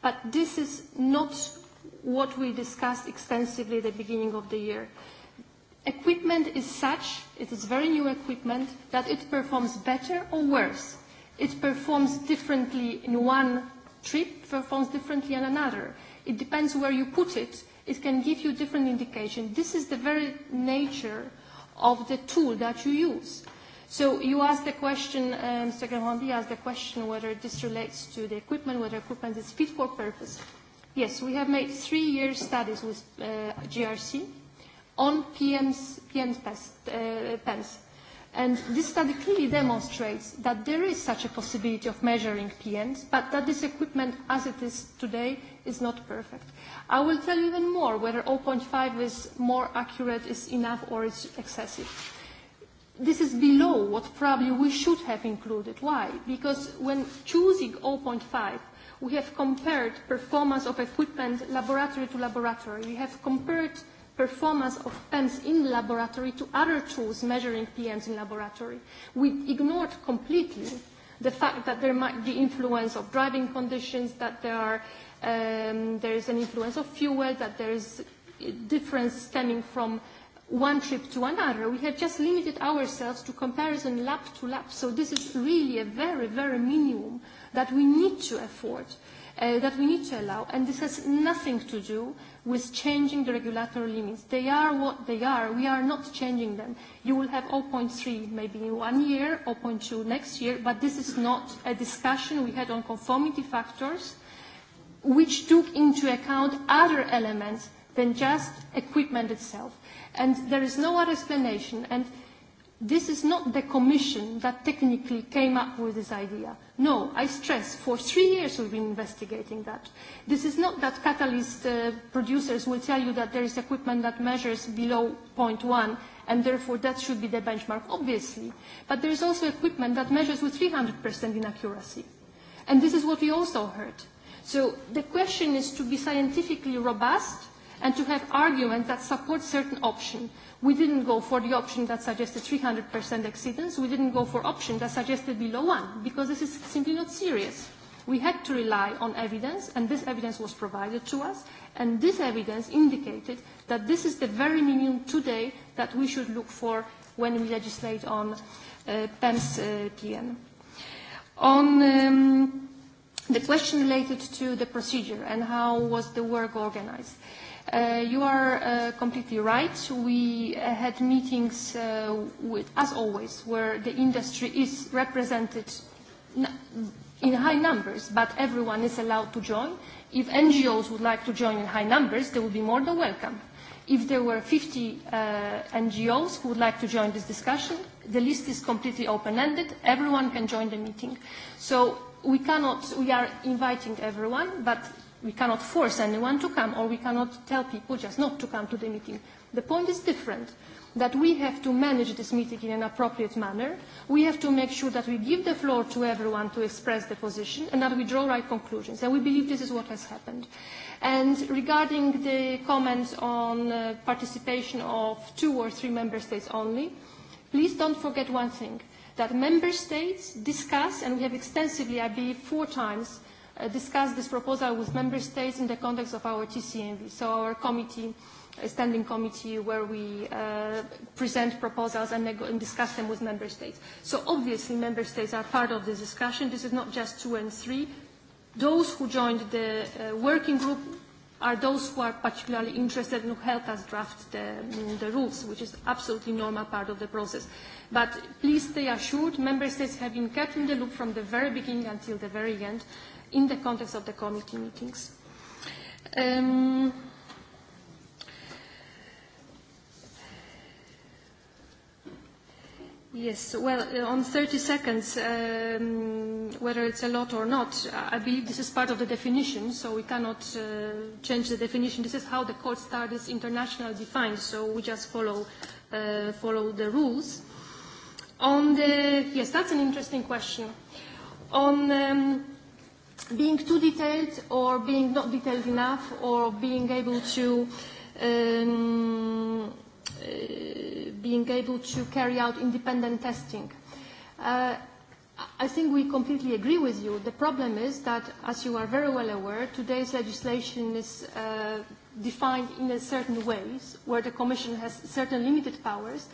But this is not what we discussed extensively at the beginning of the year. Equipment is such, it is very new equipment, that it performs better or worse. It performs differently in one trip, performs differently in another. It depends where you put it. It can give you different indication. This is the very nature of the tool that you use. So you asked the question, um, Mr. Grahambi asked the question whether this relates to the equipment, whether equipment is fit for purpose. Yes, we have made three-year studies with uh, GRC on PM's, PM's past, uh, pens. And this study clearly demonstrates that there is such a possibility of measuring PNs, but that this equipment as it is today is not perfect. I will tell you even more whether 0.5 is more accurate, is enough, or is excessive. This is below what probably we should have included. Why? Because when choosing 0.5, we have compared performance of equipment laboratory to laboratory. We have compared performance of pens in laboratory to other tools measuring PMs in laboratory. We ignored completely the fact that there might be influence of driving conditions, that um, there is an influence of fuel, that there is difference stemming from one trip to another. We have just limited ourselves to comparison lab to lab. This is really a very, very minimum that we need to afford, uh, that we need to allow. And this has nothing to do with changing the regulatory limits. They are what they are. We are not changing them. You will have 0.3 maybe in one year, 0.2 next year, but this is not a discussion we had on conformity factors, which took into account other elements than just equipment itself. And there is no other explanation. And this is not the commission that technically came up with this idea. No, I stress, for three years we've been investigating that. This is not that catalyst uh, producers will tell you that there is equipment that measures below 0.1 and therefore that should be the benchmark, obviously. But there is also equipment that measures with 300% inaccuracy. And this is what we also heard. So the question is to be scientifically robust and to have arguments that support certain options. We didn't go for the option that suggested 300% exceedance. We didn't go for option that suggested below one, because this is simply not serious. We had to rely on evidence, and this evidence was provided to us, and this evidence indicated that this is the very minimum today that we should look for when we legislate on uh, PEMS uh, PN. On um, the question related to the procedure and how was the work organized. Uh, Uh, you are uh, completely right. We uh, had meetings uh, with, as always, where the industry is represented n in high numbers, but everyone is allowed to join. If NGOs would like to join in high numbers, they would be more than welcome. If there were 50 uh, NGOs who would like to join this discussion, the list is completely open-ended. Everyone can join the meeting. So we cannot, we are inviting everyone, but we cannot force anyone to come or we cannot tell people just not to come to the meeting. The point is different, that we have to manage this meeting in an appropriate manner. We have to make sure that we give the floor to everyone to express the position and that we draw right conclusions. And we believe this is what has happened. And regarding the comments on uh, participation of two or three member states only, please don't forget one thing, that member states discuss, and we have extensively, I believe, four times, Uh, discuss this proposal with member states in the context of our TCMV, so our committee, a uh, standing committee where we uh, present proposals and, and discuss them with member states. So obviously member states are part of the discussion. This is not just two and three. Those who joined the uh, working group are those who are particularly interested and who help us draft the, mm, the rules, which is absolutely normal part of the process. But please stay assured, member states have been kept in the loop from the very beginning until the very end in the context of the committee meetings. Um, Yes, well, uh, on 30 seconds, um, whether it's a lot or not, I believe this is part of the definition, so we cannot uh, change the definition. This is how the court start is internationally defined, so we just follow, uh, follow the rules. On the, yes, that's an interesting question. On, um, being too detailed or being not detailed enough or being able to um, uh, being able to carry out independent testing. Uh, I think we completely agree with you. The problem is that, as you are very well aware, today's legislation is uh, defined in a certain ways where the Commission has certain limited powers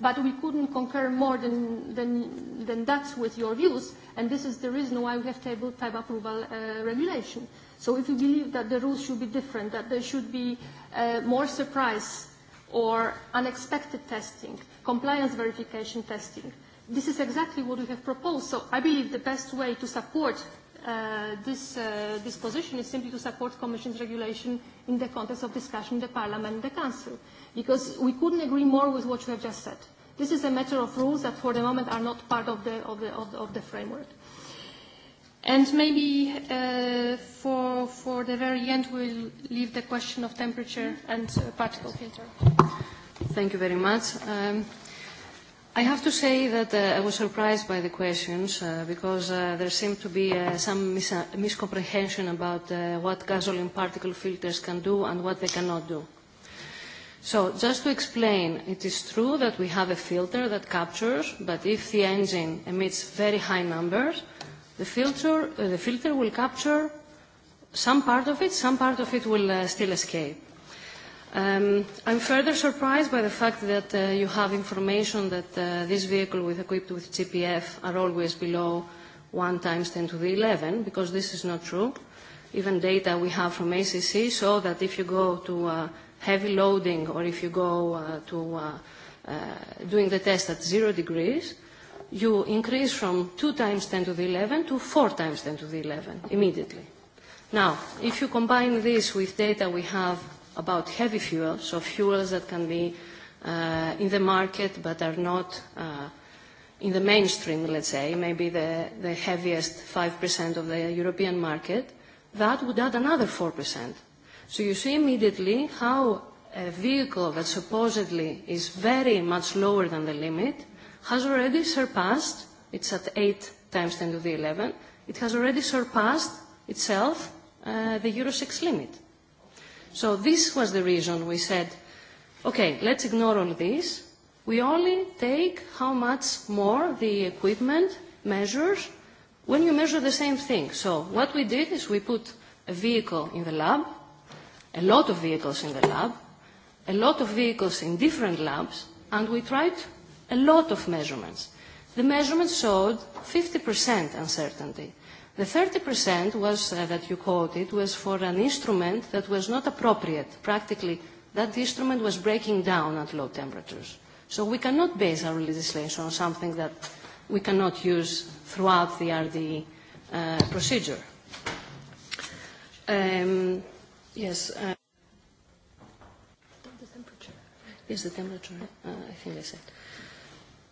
but we couldn't concur more than, than, than that with your views, and this is the reason why we have tabled type approval uh, regulation. So if you believe that the rules should be different, that there should be uh, more surprise or unexpected testing, compliance verification testing, this is exactly what we have proposed. So I believe the best way to support uh, this, uh, this position is simply to support Commission's regulation in the context of discussion in the Parliament and the Council, because we couldn't agree more with what you have just said. This is a matter of rules that for the moment are not part of the, of the, of the, of the framework. And maybe uh, for, for the very end, we'll leave the question of temperature and uh, particle filter. Thank you very much. Um, I have to say that uh, I was surprised by the questions uh, because uh, there seemed to be uh, some mis miscomprehension about uh, what gasoline particle filters can do and what they cannot do. So just to explain, it is true that we have a filter that captures, but if the engine emits very high numbers, the filter, uh, the filter will capture some part of it, some part of it will uh, still escape. Um, I'm further surprised by the fact that uh, you have information that uh, this vehicle with, equipped with GPF are always below 1 times 10 to the 11, because this is not true. Even data we have from ACC show that if you go to uh, heavy loading or if you go uh, to uh, uh, doing the test at zero degrees, you increase from 2 times 10 to the 11 to 4 times 10 to the 11 immediately. Now, if you combine this with data we have about heavy fuels, so fuels that can be uh, in the market but are not uh, in the mainstream, let's say, maybe the, the heaviest 5% of the European market, that would add another 4%. So you see immediately how a vehicle that supposedly is very much lower than the limit has already surpassed, it's at 8 times 10 to the 11, it has already surpassed itself uh, the Euro 6 limit. So this was the reason we said, okay, let's ignore all this. We only take how much more the equipment measures when you measure the same thing. So what we did is we put a vehicle in the lab, a lot of vehicles in the lab, a lot of vehicles in different labs, and we tried a lot of measurements. The measurements showed 50% uncertainty. The 30% was, uh, that you quoted was for an instrument that was not appropriate. Practically, that instrument was breaking down at low temperatures. So we cannot base our legislation on something that we cannot use throughout the RDE uh, procedure. Um, yes. Uh, Yes, the temperature, uh, I think I said.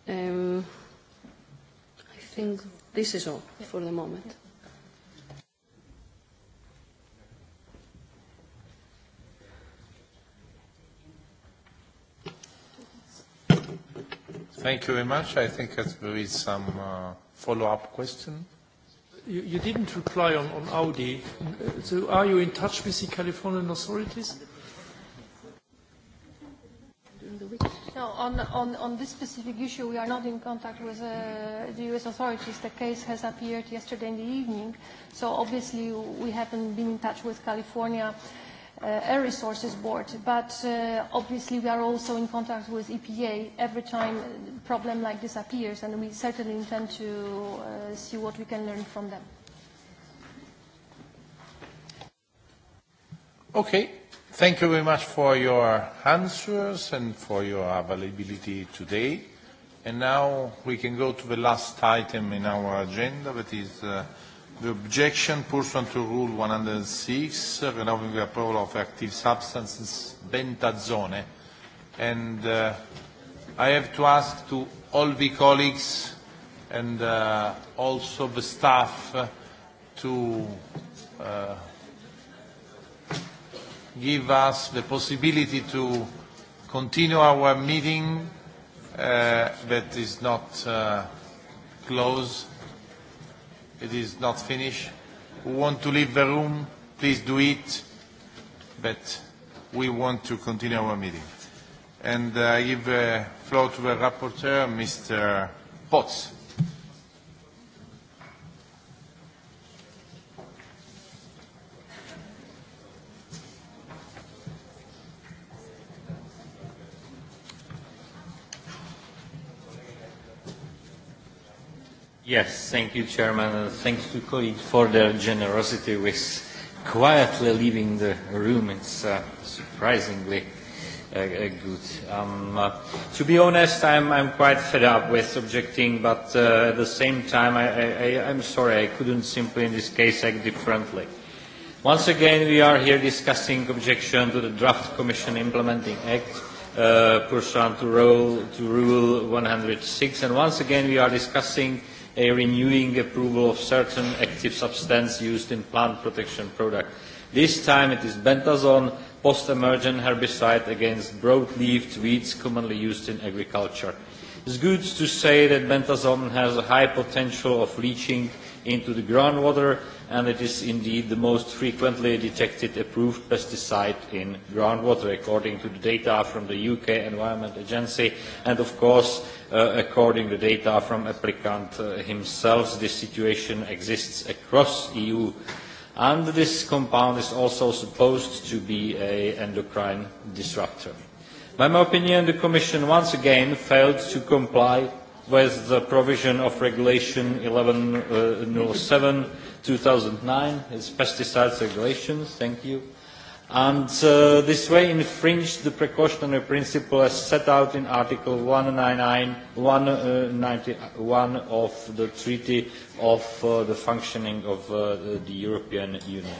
Um, I think this is all for the moment. Yeah. Thank you very much. I think that there is some uh, follow-up question. You didn't reply on Audi. Are you in touch with the Californian authorities? No, on this specific issue, we are not in contact with uh, the U.S. authorities. The case has appeared yesterday in the evening, obviously we haven't been in touch with California uh, Air Resources Board, but uh, obviously we are also in contact with EPA every time a problem like this appears, and we certainly intend to uh, see what we can learn from them. Okay, thank you very much for your answers and for your availability today. And now we can go to the last item in our agenda, that is... Uh, The objection pursuant to Rule 106, renewing the approval of active substances, bentazone. And uh, I have to ask to all the colleagues and uh, also the staff uh, to uh, give us the possibility to continue our meeting uh, that is not uh, closed it is not finished. Who want to leave the room, please do it, but we want to continue our meeting. And uh, I give the floor to the rapporteur, Mr. Potts. Yes, thank you, Chairman. Uh, thanks to colleagues for their generosity with quietly leaving the room. It's uh, surprisingly uh, uh, good. Um, uh, to be honest, I'm, I'm quite fed up with objecting, but uh, at the same time, I, I, I'm sorry, I couldn't simply in this case act differently. Once again, we are here discussing objection to the Draft Commission Implementing Act. Uh, pursuant to rule, to rule 106, and once again we are discussing a renewing approval of certain active substance used in plant protection products. This time it is bentazone, post-emergent herbicide against broad-leafed weeds commonly used in agriculture. It's good to say that bentazone has a high potential of leaching into the groundwater, and it is indeed the most frequently detected approved pesticide in groundwater, according to the data from the UK Environment Agency, and of course, uh, according to data from applicant uh, himself, this situation exists across EU. And this compound is also supposed to be an endocrine disruptor. By my opinion, the Commission once again failed to comply with the provision of Regulation 1107 2009, uh, it's pesticides regulations, thank you. And uh, this way infringed the precautionary principle as set out in Article 191 uh, of the Treaty of uh, the Functioning of uh, the European Union.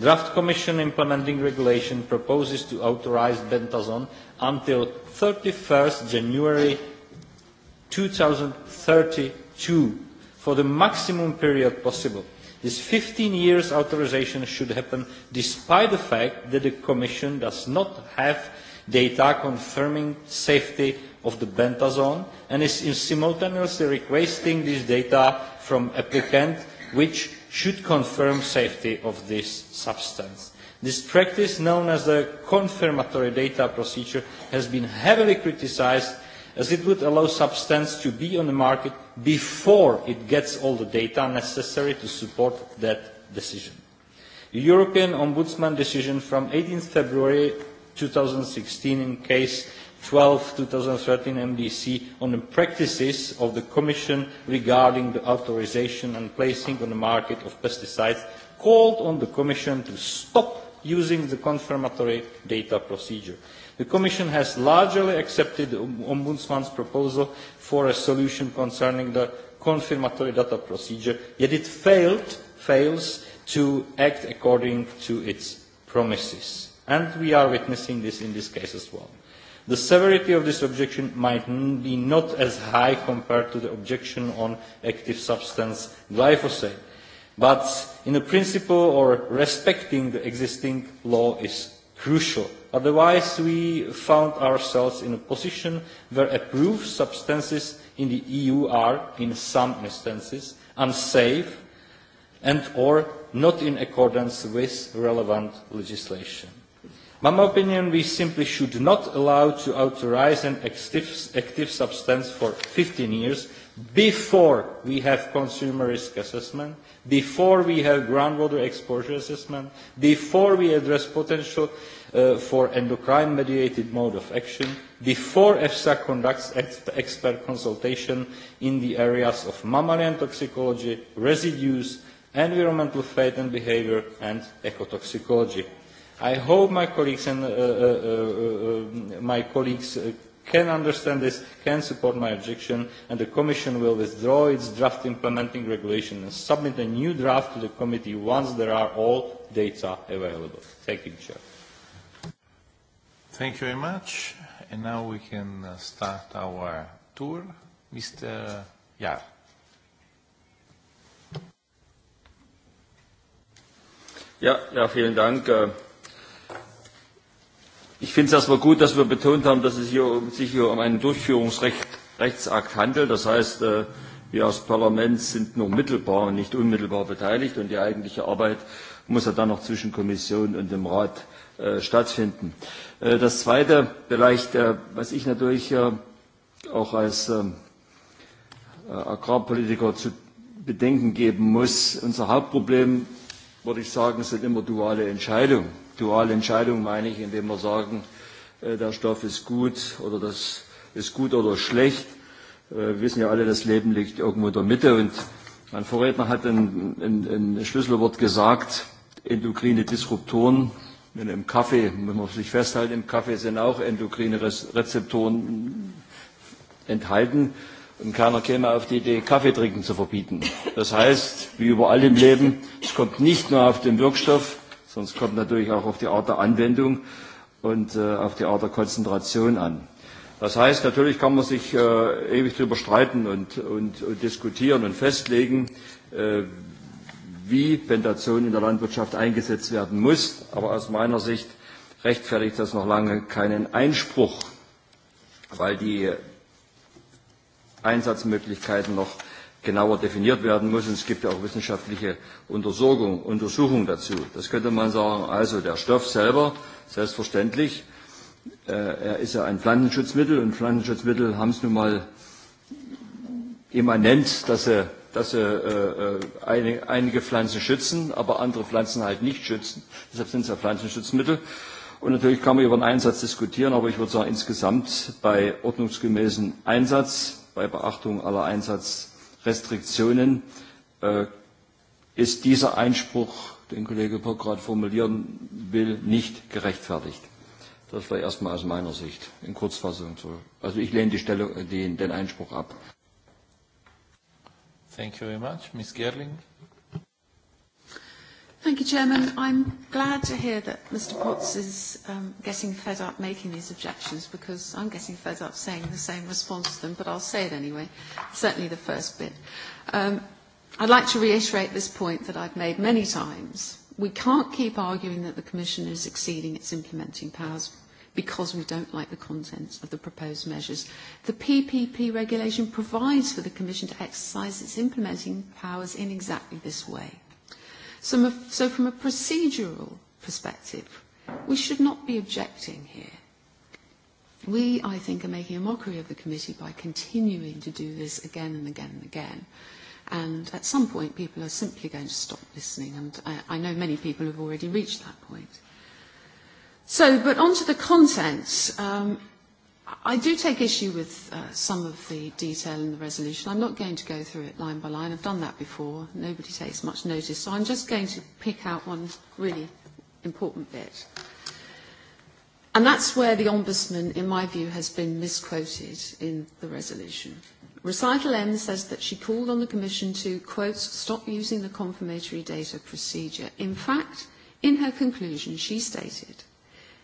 Draft Commission implementing regulation proposes to authorize bentazone until 31st January 2032 for the maximum period possible. This 15 years authorization should happen despite the fact that the Commission does not have data confirming safety of the bentazone and is simultaneously requesting this data from applicant which should confirm safety of this substance. This practice known as the confirmatory data procedure has been heavily criticized as it would allow substance to be on the market before it gets all the data necessary to support that decision. The European Ombudsman decision from 18th February 2016 in case 12-2013 MDC on the practices of the Commission regarding the authorization and placing on the market of pesticides called on the Commission to stop using the confirmatory data procedure the commission has largely accepted the ombudsman's proposal for a solution concerning the confirmatory data procedure yet it failed fails to act according to its promises and we are witnessing this in this case as well the severity of this objection might be not as high compared to the objection on active substance glyphosate but in a principle or respecting the existing law is crucial otherwise we found ourselves in a position where approved substances in the EU are, in some instances, unsafe and or not in accordance with relevant legislation. In my opinion, we simply should not allow to authorize an active, active substance for 15 years before we have consumer risk assessment, before we have groundwater exposure assessment, before we address potential uh, Uh, for endocrine mediated mode of action before EFSA conducts expert consultation in the areas of mammalian toxicology, residues, environmental fate and behavior, and ecotoxicology. I hope my colleagues and uh, uh, uh, uh my colleagues uh, can understand this, can support my objection, and the Commission will withdraw its draft implementing regulation and submit a new draft to the committee once there are all data available. Thank you, Chair. Thank you very much. Now we can uh, start our tour. Mr. Yar. Ja, ja, vielen Dank. Äh, ich finde es erstmal gut, dass wir betont haben, dass es hier um, sich hier um einen Durchführungsrechtsakt handelt. Das heißt, äh, wir als Parlament sind nur mittelbar und nicht unmittelbar beteiligt, und die eigentliche Arbeit muss ja dann noch zwischen Kommission und dem Rat Äh, stattfinden. Äh, das Zweite, vielleicht, äh, was ich natürlich äh, auch als ähm, äh, Agrarpolitiker zu bedenken geben muss, unser Hauptproblem, würde ich sagen, sind immer duale Entscheidungen. Duale Entscheidungen meine ich, indem wir sagen, äh, der Stoff ist gut oder das ist gut oder schlecht. Äh, wir wissen ja alle, das Leben liegt irgendwo in der Mitte. Und mein Vorredner hat ein, ein, ein Schlüsselwort gesagt, endokrine Disruptoren. Wenn im Kaffee, man muss sich festhalten, im Kaffee sind auch endokrine Rezeptoren enthalten. Und keiner käme auf die Idee, Kaffee trinken zu verbieten. Das heißt, wie überall im Leben, es kommt nicht nur auf den Wirkstoff, sondern es kommt natürlich auch auf die Art der Anwendung und äh, auf die Art der Konzentration an. Das heißt, natürlich kann man sich äh, ewig darüber streiten und, und, und diskutieren und festlegen, äh, wie Pentation in der Landwirtschaft eingesetzt werden muss. Aber aus meiner Sicht rechtfertigt das noch lange keinen Einspruch, weil die Einsatzmöglichkeiten noch genauer definiert werden müssen. Es gibt ja auch wissenschaftliche Untersuchungen Untersuchung dazu. Das könnte man sagen, also der Stoff selber, selbstverständlich, äh, er ist ja ein Pflanzenschutzmittel und Pflanzenschutzmittel haben es nun mal immanent, dass sie er dass sie äh, äh ein, einige Pflanzen schützen, aber andere Pflanzen halt nicht schützen. Deshalb sind es ja Pflanzenschutzmittel. Und natürlich kann man über den Einsatz diskutieren, aber ich würde sagen, insgesamt bei ordnungsgemäßem Einsatz, bei Beachtung aller Einsatzrestriktionen, äh, ist dieser Einspruch, den Kollege Bock gerade formulieren will, nicht gerechtfertigt. Das war erstmal aus meiner Sicht in Kurzfassung so. Also ich lehne die Stelle, äh, den, den Einspruch ab. Thank you very much. Ms. Girling. Thank you, Chairman. I'm glad to hear that Mr. Potts is um, getting fed up making these objections because I'm getting fed up saying the same response to them, but I'll say it anyway, certainly the first bit. Um, I'd like to reiterate this point that I've made many times. We can't keep arguing that the Commission is exceeding its implementing powers because we don't like the contents of the proposed measures. The PPP regulation provides for the Commission to exercise its implementing powers in exactly this way. So, so from a procedural perspective, we should not be objecting here. We, I think, are making a mockery of the committee by continuing to do this again and again and again. And at some point, people are simply going to stop listening. And I, I know many people have already reached that point. So, but on to the contents. Um, I do take issue with uh, some of the detail in the resolution. I'm not going to go through it line by line. I've done that before. Nobody takes much notice. So I'm just going to pick out one really important bit. And that's where the Ombudsman, in my view, has been misquoted in the resolution. Recital M says that she called on the Commission to, quote, stop using the confirmatory data procedure. In fact, in her conclusion, she stated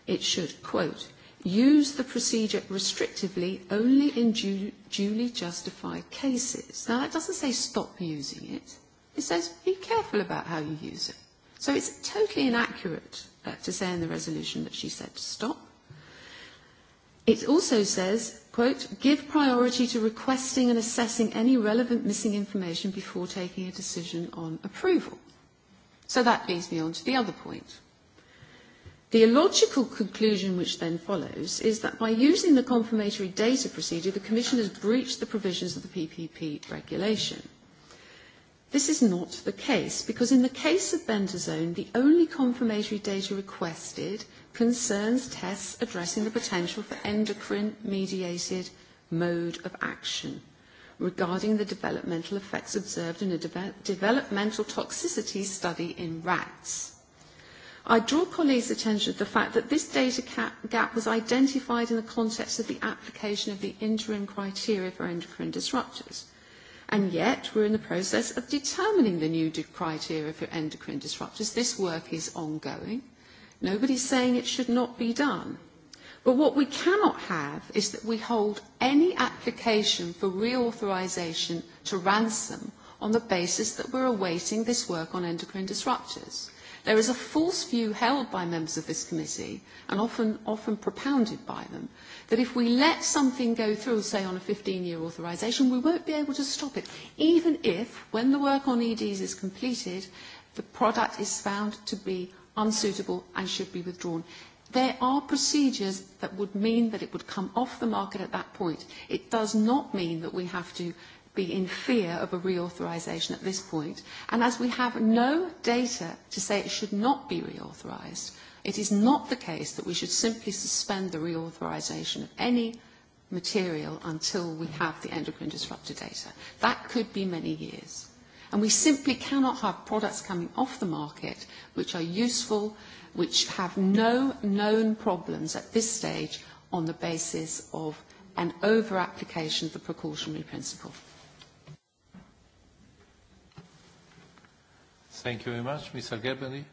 It should, quote, use the procedure restrictively only in du duly justified cases. Now, that doesn't say stop using it. It says be careful about how you use it. So it's totally inaccurate uh, to say in the resolution that she said to stop. It also says, quote, give priority to requesting and assessing any relevant missing information before taking a decision on approval. So that leads me on to the other point. The illogical conclusion which then follows is that by using the confirmatory data procedure, the Commission has breached the provisions of the PPP regulation. This is not the case, because in the case of Bentazone, the only confirmatory data requested concerns tests addressing the potential for endocrine-mediated mode of action regarding the developmental effects observed in a de developmental toxicity study in rats. I draw colleagues' attention to the fact that this data cap gap was identified in the context of the application of the interim criteria for endocrine disruptors. And yet, we're in the process of determining the new criteria for endocrine disruptors. This work is ongoing. Nobody's saying it should not be done. But what we cannot have is that we hold any application for reauthorization to ransom on the basis that we're awaiting this work on endocrine disruptors. There is a false view held by members of this committee and often, often propounded by them that if we let something go through, say on a 15-year authorisation, we won't be able to stop it, even if, when the work on EDs is completed, the product is found to be unsuitable and should be withdrawn. There are procedures that would mean that it would come off the market at that point. It does not mean that we have to be in fear of a reauthorisation at this point. And as we have no data to say it should not be reauthorised, it is not the case that we should simply suspend the reauthorisation of any material until we have the endocrine disruptor data. That could be many years. And we simply cannot have products coming off the market which are useful, which have no known problems at this stage on the basis of an over-application of the precautionary principle. Thank you very much. Mr. Gebeny?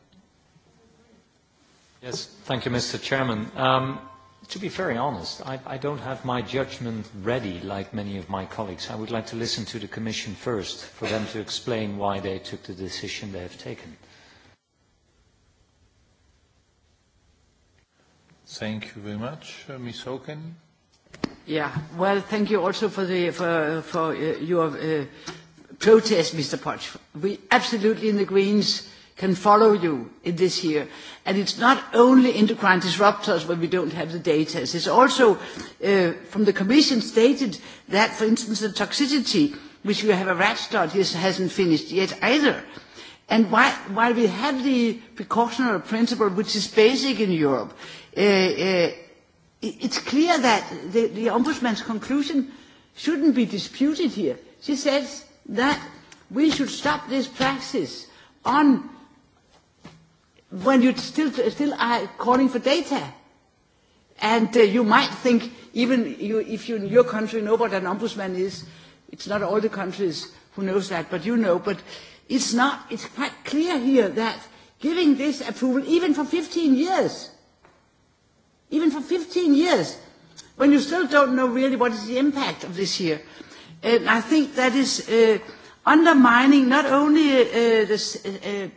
Yes, thank you, Mr. Chairman. Um, to be very honest, I, I don't have my judgment ready like many of my colleagues. I would like to listen to the Commission first for them to explain why they took the decision they have taken. Thank you very much. Uh, Ms. Hogan? Yeah, well, thank you also for, the, for, for uh, your uh, protest, Mr. Potts. We absolutely in the Greens can follow you in this year. And it's not only endocrine disruptors where we don't have the data. It's also uh, from the Commission stated that, for instance, the toxicity, which we have a rat study, hasn't finished yet either. And while, while we have the precautionary principle, which is basic in Europe, uh, uh, it's clear that the, the Ombudsman's conclusion shouldn't be disputed here. She says that we should stop this practice on when you still still are calling for data. And uh, you might think, even you, if you in your country know what an ombudsman is, it's not all the countries who knows that, but you know. But it's not. It's quite clear here that giving this approval, even for 15 years, even for 15 years, when you still don't know really what is the impact of this here. And I think that is uh, undermining not only uh, the, uh, uh,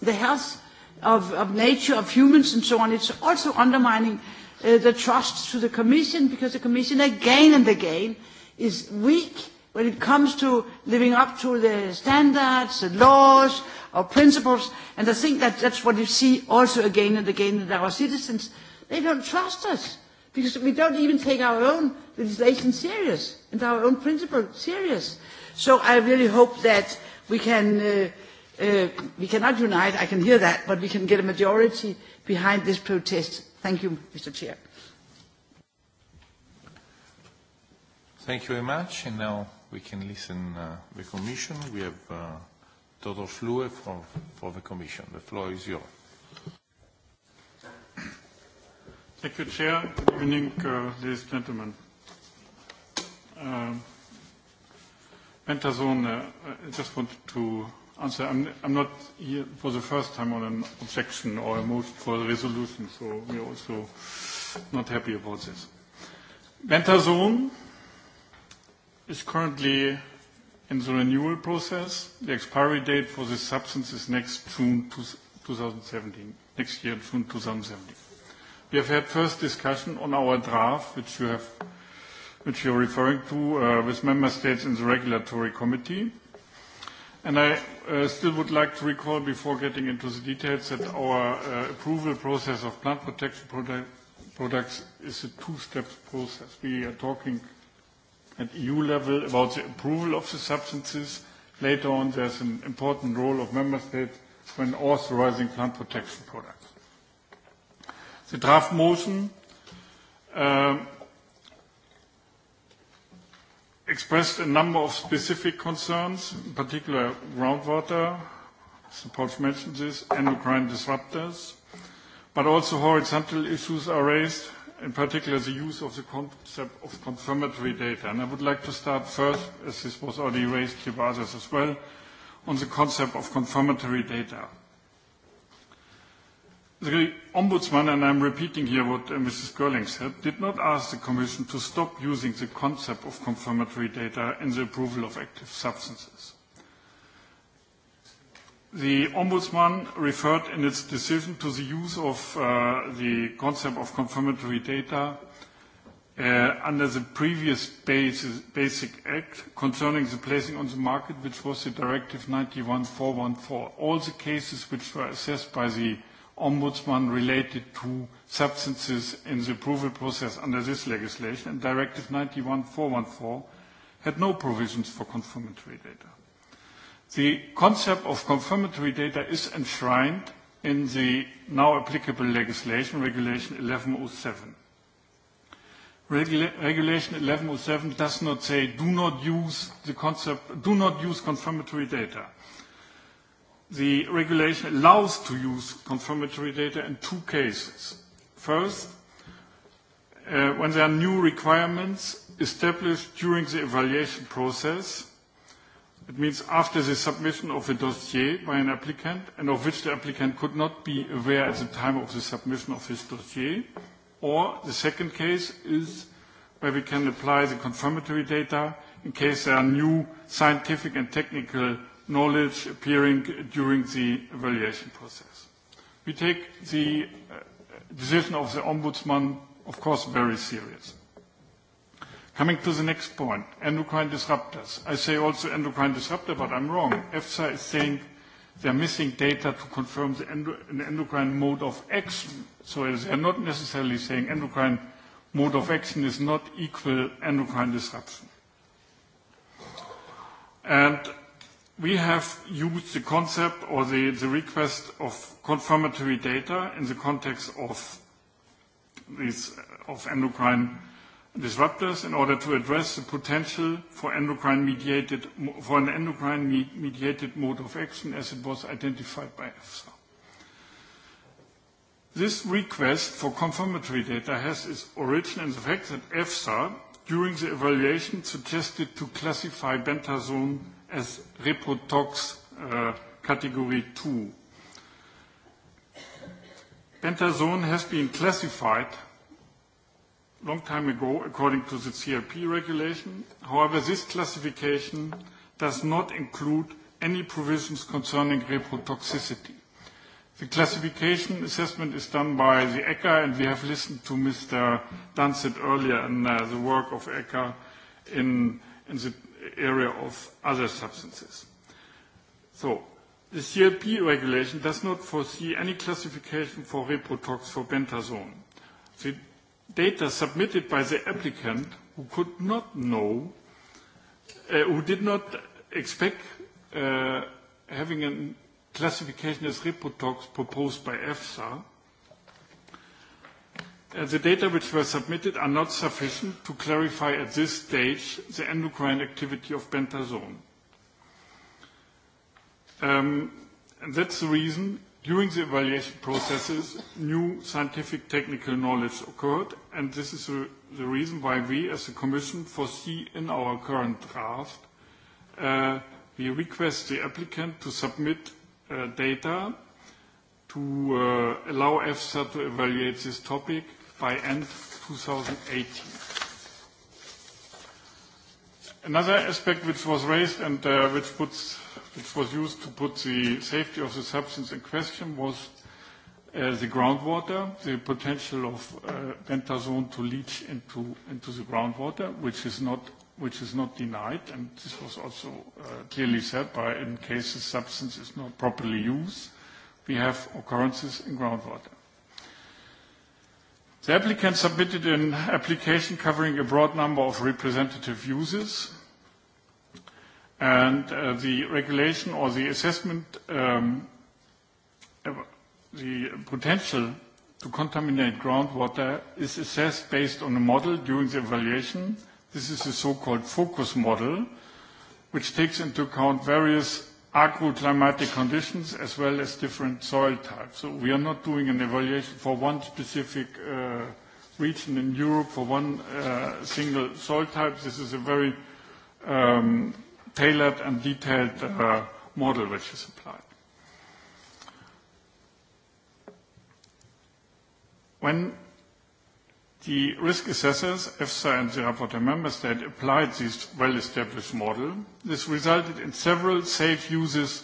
the health of, of nature, of humans and so on, it's also undermining uh, the trust to the Commission because the Commission again and again is weak when it comes to living up to the standards, the laws, or principles. And I think that that's what you see also again and again that our citizens, they don't trust us because we don't even take our own legislation serious and our own principle serious. So I really hope that we can, uh, uh, we cannot unite, I can hear that, but we can get a majority behind this protest. Thank you, Mr. Chair. Thank you very much. And now we can listen to uh, the Commission. We have uh, Toto Flue from, from the Commission. The floor is yours. Thank you, Chair. Good evening, uh, ladies and gentlemen. Pentazone, um, uh, I just wanted to answer. I'm, I'm not here for the first time on an objection or a motion for a resolution, so we are also not happy about this. Pentazone is currently in the renewal process. The expiry date for this substance is next June 2017, next year, June 2017. We've had first discussion on our draft, which you have, which you're referring to, uh, with member states in the regulatory committee. I uh, still would like to recall, before getting into the details, that our uh, approval process of plant protection products is a two-step process. We are talking at EU level about the approval of the substances. Later on, there's an important role of member states when authorizing plant protection products. Sie traf Mosen, äh, expressed a number of specific concerns, in particular groundwater, support for messages, endocrine disruptors, but also horizontal issues are raised, in particular the use of the concept of confirmatory data. And I would like to start first, as this was already raised here by others as well, on the concept of confirmatory data. The Ombudsman, and I'm repeating here what uh, Mrs. Görling said, did not ask the Commission to stop using the concept of confirmatory data in the approval of active substances. The Ombudsman referred in its decision to the use of uh, the concept of confirmatory data uh, under the previous basis, Basic Act concerning the placing on the market, which was the Directive 91414. All the cases which were assessed by the ombudsman related to substances in the approval process under this legislation, and Directive 91/414 had no provisions for confirmatory data. The concept of confirmatory data is enshrined in the now applicable legislation, Regulation 1107. Regulation 1107 does not say, "Do not use confirmatory data." The regulation allows to use confirmatory data in two cases. First, uh, when there are new requirements established during the evaluation process, it means after the submission of a dossier by an applicant and of which the applicant could not be aware at the time of the submission of his dossier, or the second case is where we can apply the confirmatory data in case there are new scientific and technical knowledge appearing during the evaluation process. We take the uh, decision of the Ombudsman, of course, very serious. Coming to the next point, endocrine disruptors. I say also endocrine disruptor, but I'm wrong. EFSA is saying they are missing data to confirm the endo an endocrine mode of action. So they are not necessarily saying endocrine mode of action is not equal endocrine disruption. And We have used the concept or the request of confirmatory data in the context of these endocrine disruptors in order to address the potential for an endocrine-mediated mode of action as it was identified by EFSA. This request for confirmatory data has its origin in the fact that EFSA, during the evaluation, suggested to classify bentazone as reprotox uh, äh, category 2. Pentazone has been classified long time ago according to the CLP regulation. However, this classification does not include any provisions concerning reprotoxicity. The classification assessment is done by the ECHA, and we have listened to Mr. Dunsett earlier in uh, the work of ECHA in, in the area of other substances. So, the CLP regulation does not foresee any classification for reprotox for bentazone. The data submitted by the applicant who could not know, uh, who did not expect uh, having a classification as reprotox proposed by EFSA, as uh, the data which were submitted are not sufficient to clarify at this stage the endocrine activity of bentazone. Um, and that's the reason during the evaluation processes new scientific technical knowledge occurred and this is a, the reason why we as a commission foresee in our current draft uh, we request the applicant to submit uh, data to uh, allow EFSA to evaluate this topic by end 2018. Another aspect which was raised and uh, which, puts, which was used to put the safety of the substance in question was uh, the groundwater, the potential of uh, dentazone to leach into, into the groundwater, which is, not, which is not denied, and this was also uh, clearly said by in case the substance is not properly used, we have occurrences in groundwater. The applicant submitted an application covering a broad number of representative users. And uh, the regulation or the assessment, um, the potential to contaminate groundwater is assessed based on a model during the evaluation. This is the so-called focus model, which takes into account various agroclimatic conditions as well as different soil types. So we are not doing an evaluation for one specific uh, region in Europe for one uh, single soil type. This is a very um, tailored and detailed uh, model which is applied. When The risk assessors, EFSA and the rapporteur member state, applied this well-established model. This resulted in several safe uses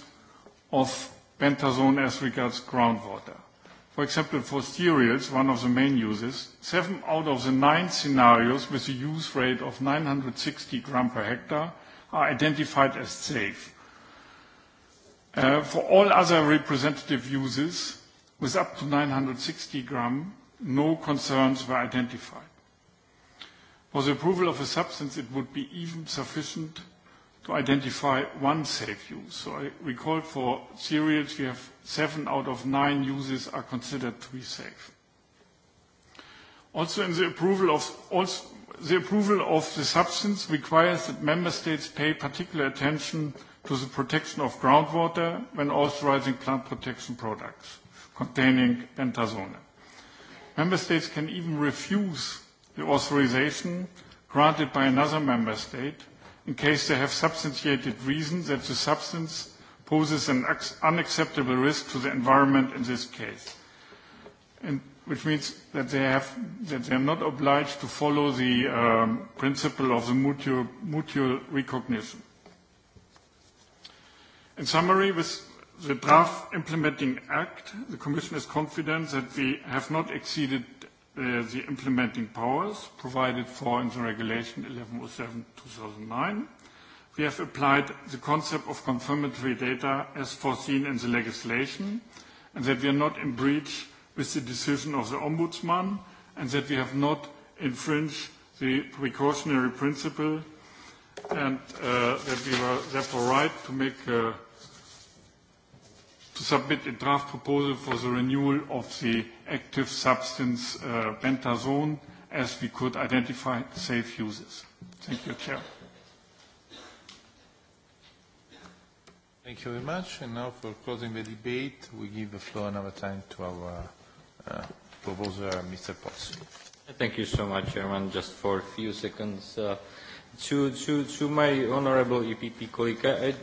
of bentazone as regards groundwater. For example, for cereals, one of the main uses, seven out of the nine scenarios with a use rate of 960 gram per hectare are identified as safe. Uh, for all other representative uses with up to 960 gram, no concerns were identified. For the approval of a substance, it would be even sufficient to identify one safe use. I recall for cereals, we have seven out of nine uses are considered to be safe. Also, the approval of the substance requires that member states pay particular attention to the protection of groundwater when authorizing plant protection products containing pentasone. Member states can even refuse the authorization granted by another member state in case they have substantiated reasons that the substance poses an unacceptable risk to the environment in this case. And which means that they, have, that they are not obliged to follow the um, principle of the mutual, mutual recognition. In summary, with The draft implementing act, the Commission is confident that we have not exceeded uh, the implementing powers provided for in the Regulation 1107/2009. We have applied the concept of confirmatory data as foreseen in the legislation, and that we are not in breach with the decision of the Ombudsman, and that we have not infringed the precautionary principle, and uh, that we were therefore right to make a submit a draft proposal for the renewal of the active substance uh, pentazone as we could identify safe uses. Thank you, Chair. Thank you very much. And now for closing the debate, we give the floor another time to our uh, uh, proposer, Mr. Potts. Thank you so much, Chairman. Just for a few seconds. Uh, to, to, to my honorable EPP colleague, I, I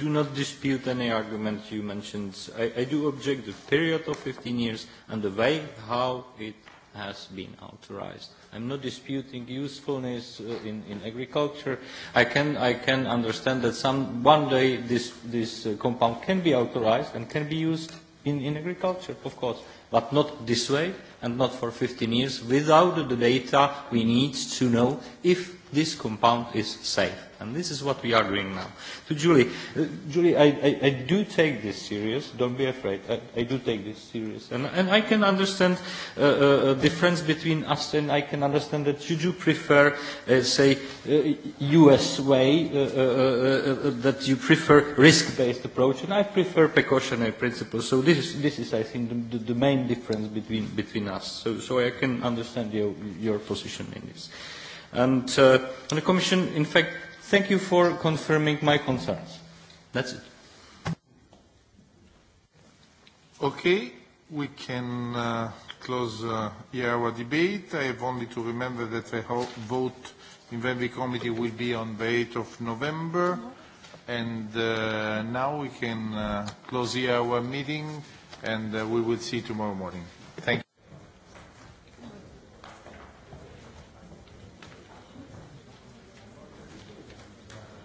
do not dispute any arguments you mentioned. I, I do object the period of 15 years and the way how it has been authorized. I'm not disputing usefulness uh, in, in agriculture. I can, I can understand that some, one day this, this uh, compound can be authorized and can be used in, in agriculture, of course, but not this way and not for 15 years without the data we need to know if this compound is safe. And this is what we are doing now. To Julie, uh, Julie, I, I, I do take this serious. Don't be afraid. I, I do take this serious. And, and I can understand the uh, uh, difference between us and I can understand that you do prefer, uh, say, uh, US way, uh, uh, uh, uh, that you prefer risk-based approach. And I prefer precautionary principles. So this is, this is I think, the, the, the main difference between, between us. So, so I can understand your, your position in this. Uh, And, uh, and the Commission, in fact, thank you for confirming my concerns. That's it. Okay, we can uh, close uh, here our debate. I have only to remember that the vote in the committee will be on the 8th of November. And uh, now we can uh, close here our meeting and uh, we will see tomorrow morning.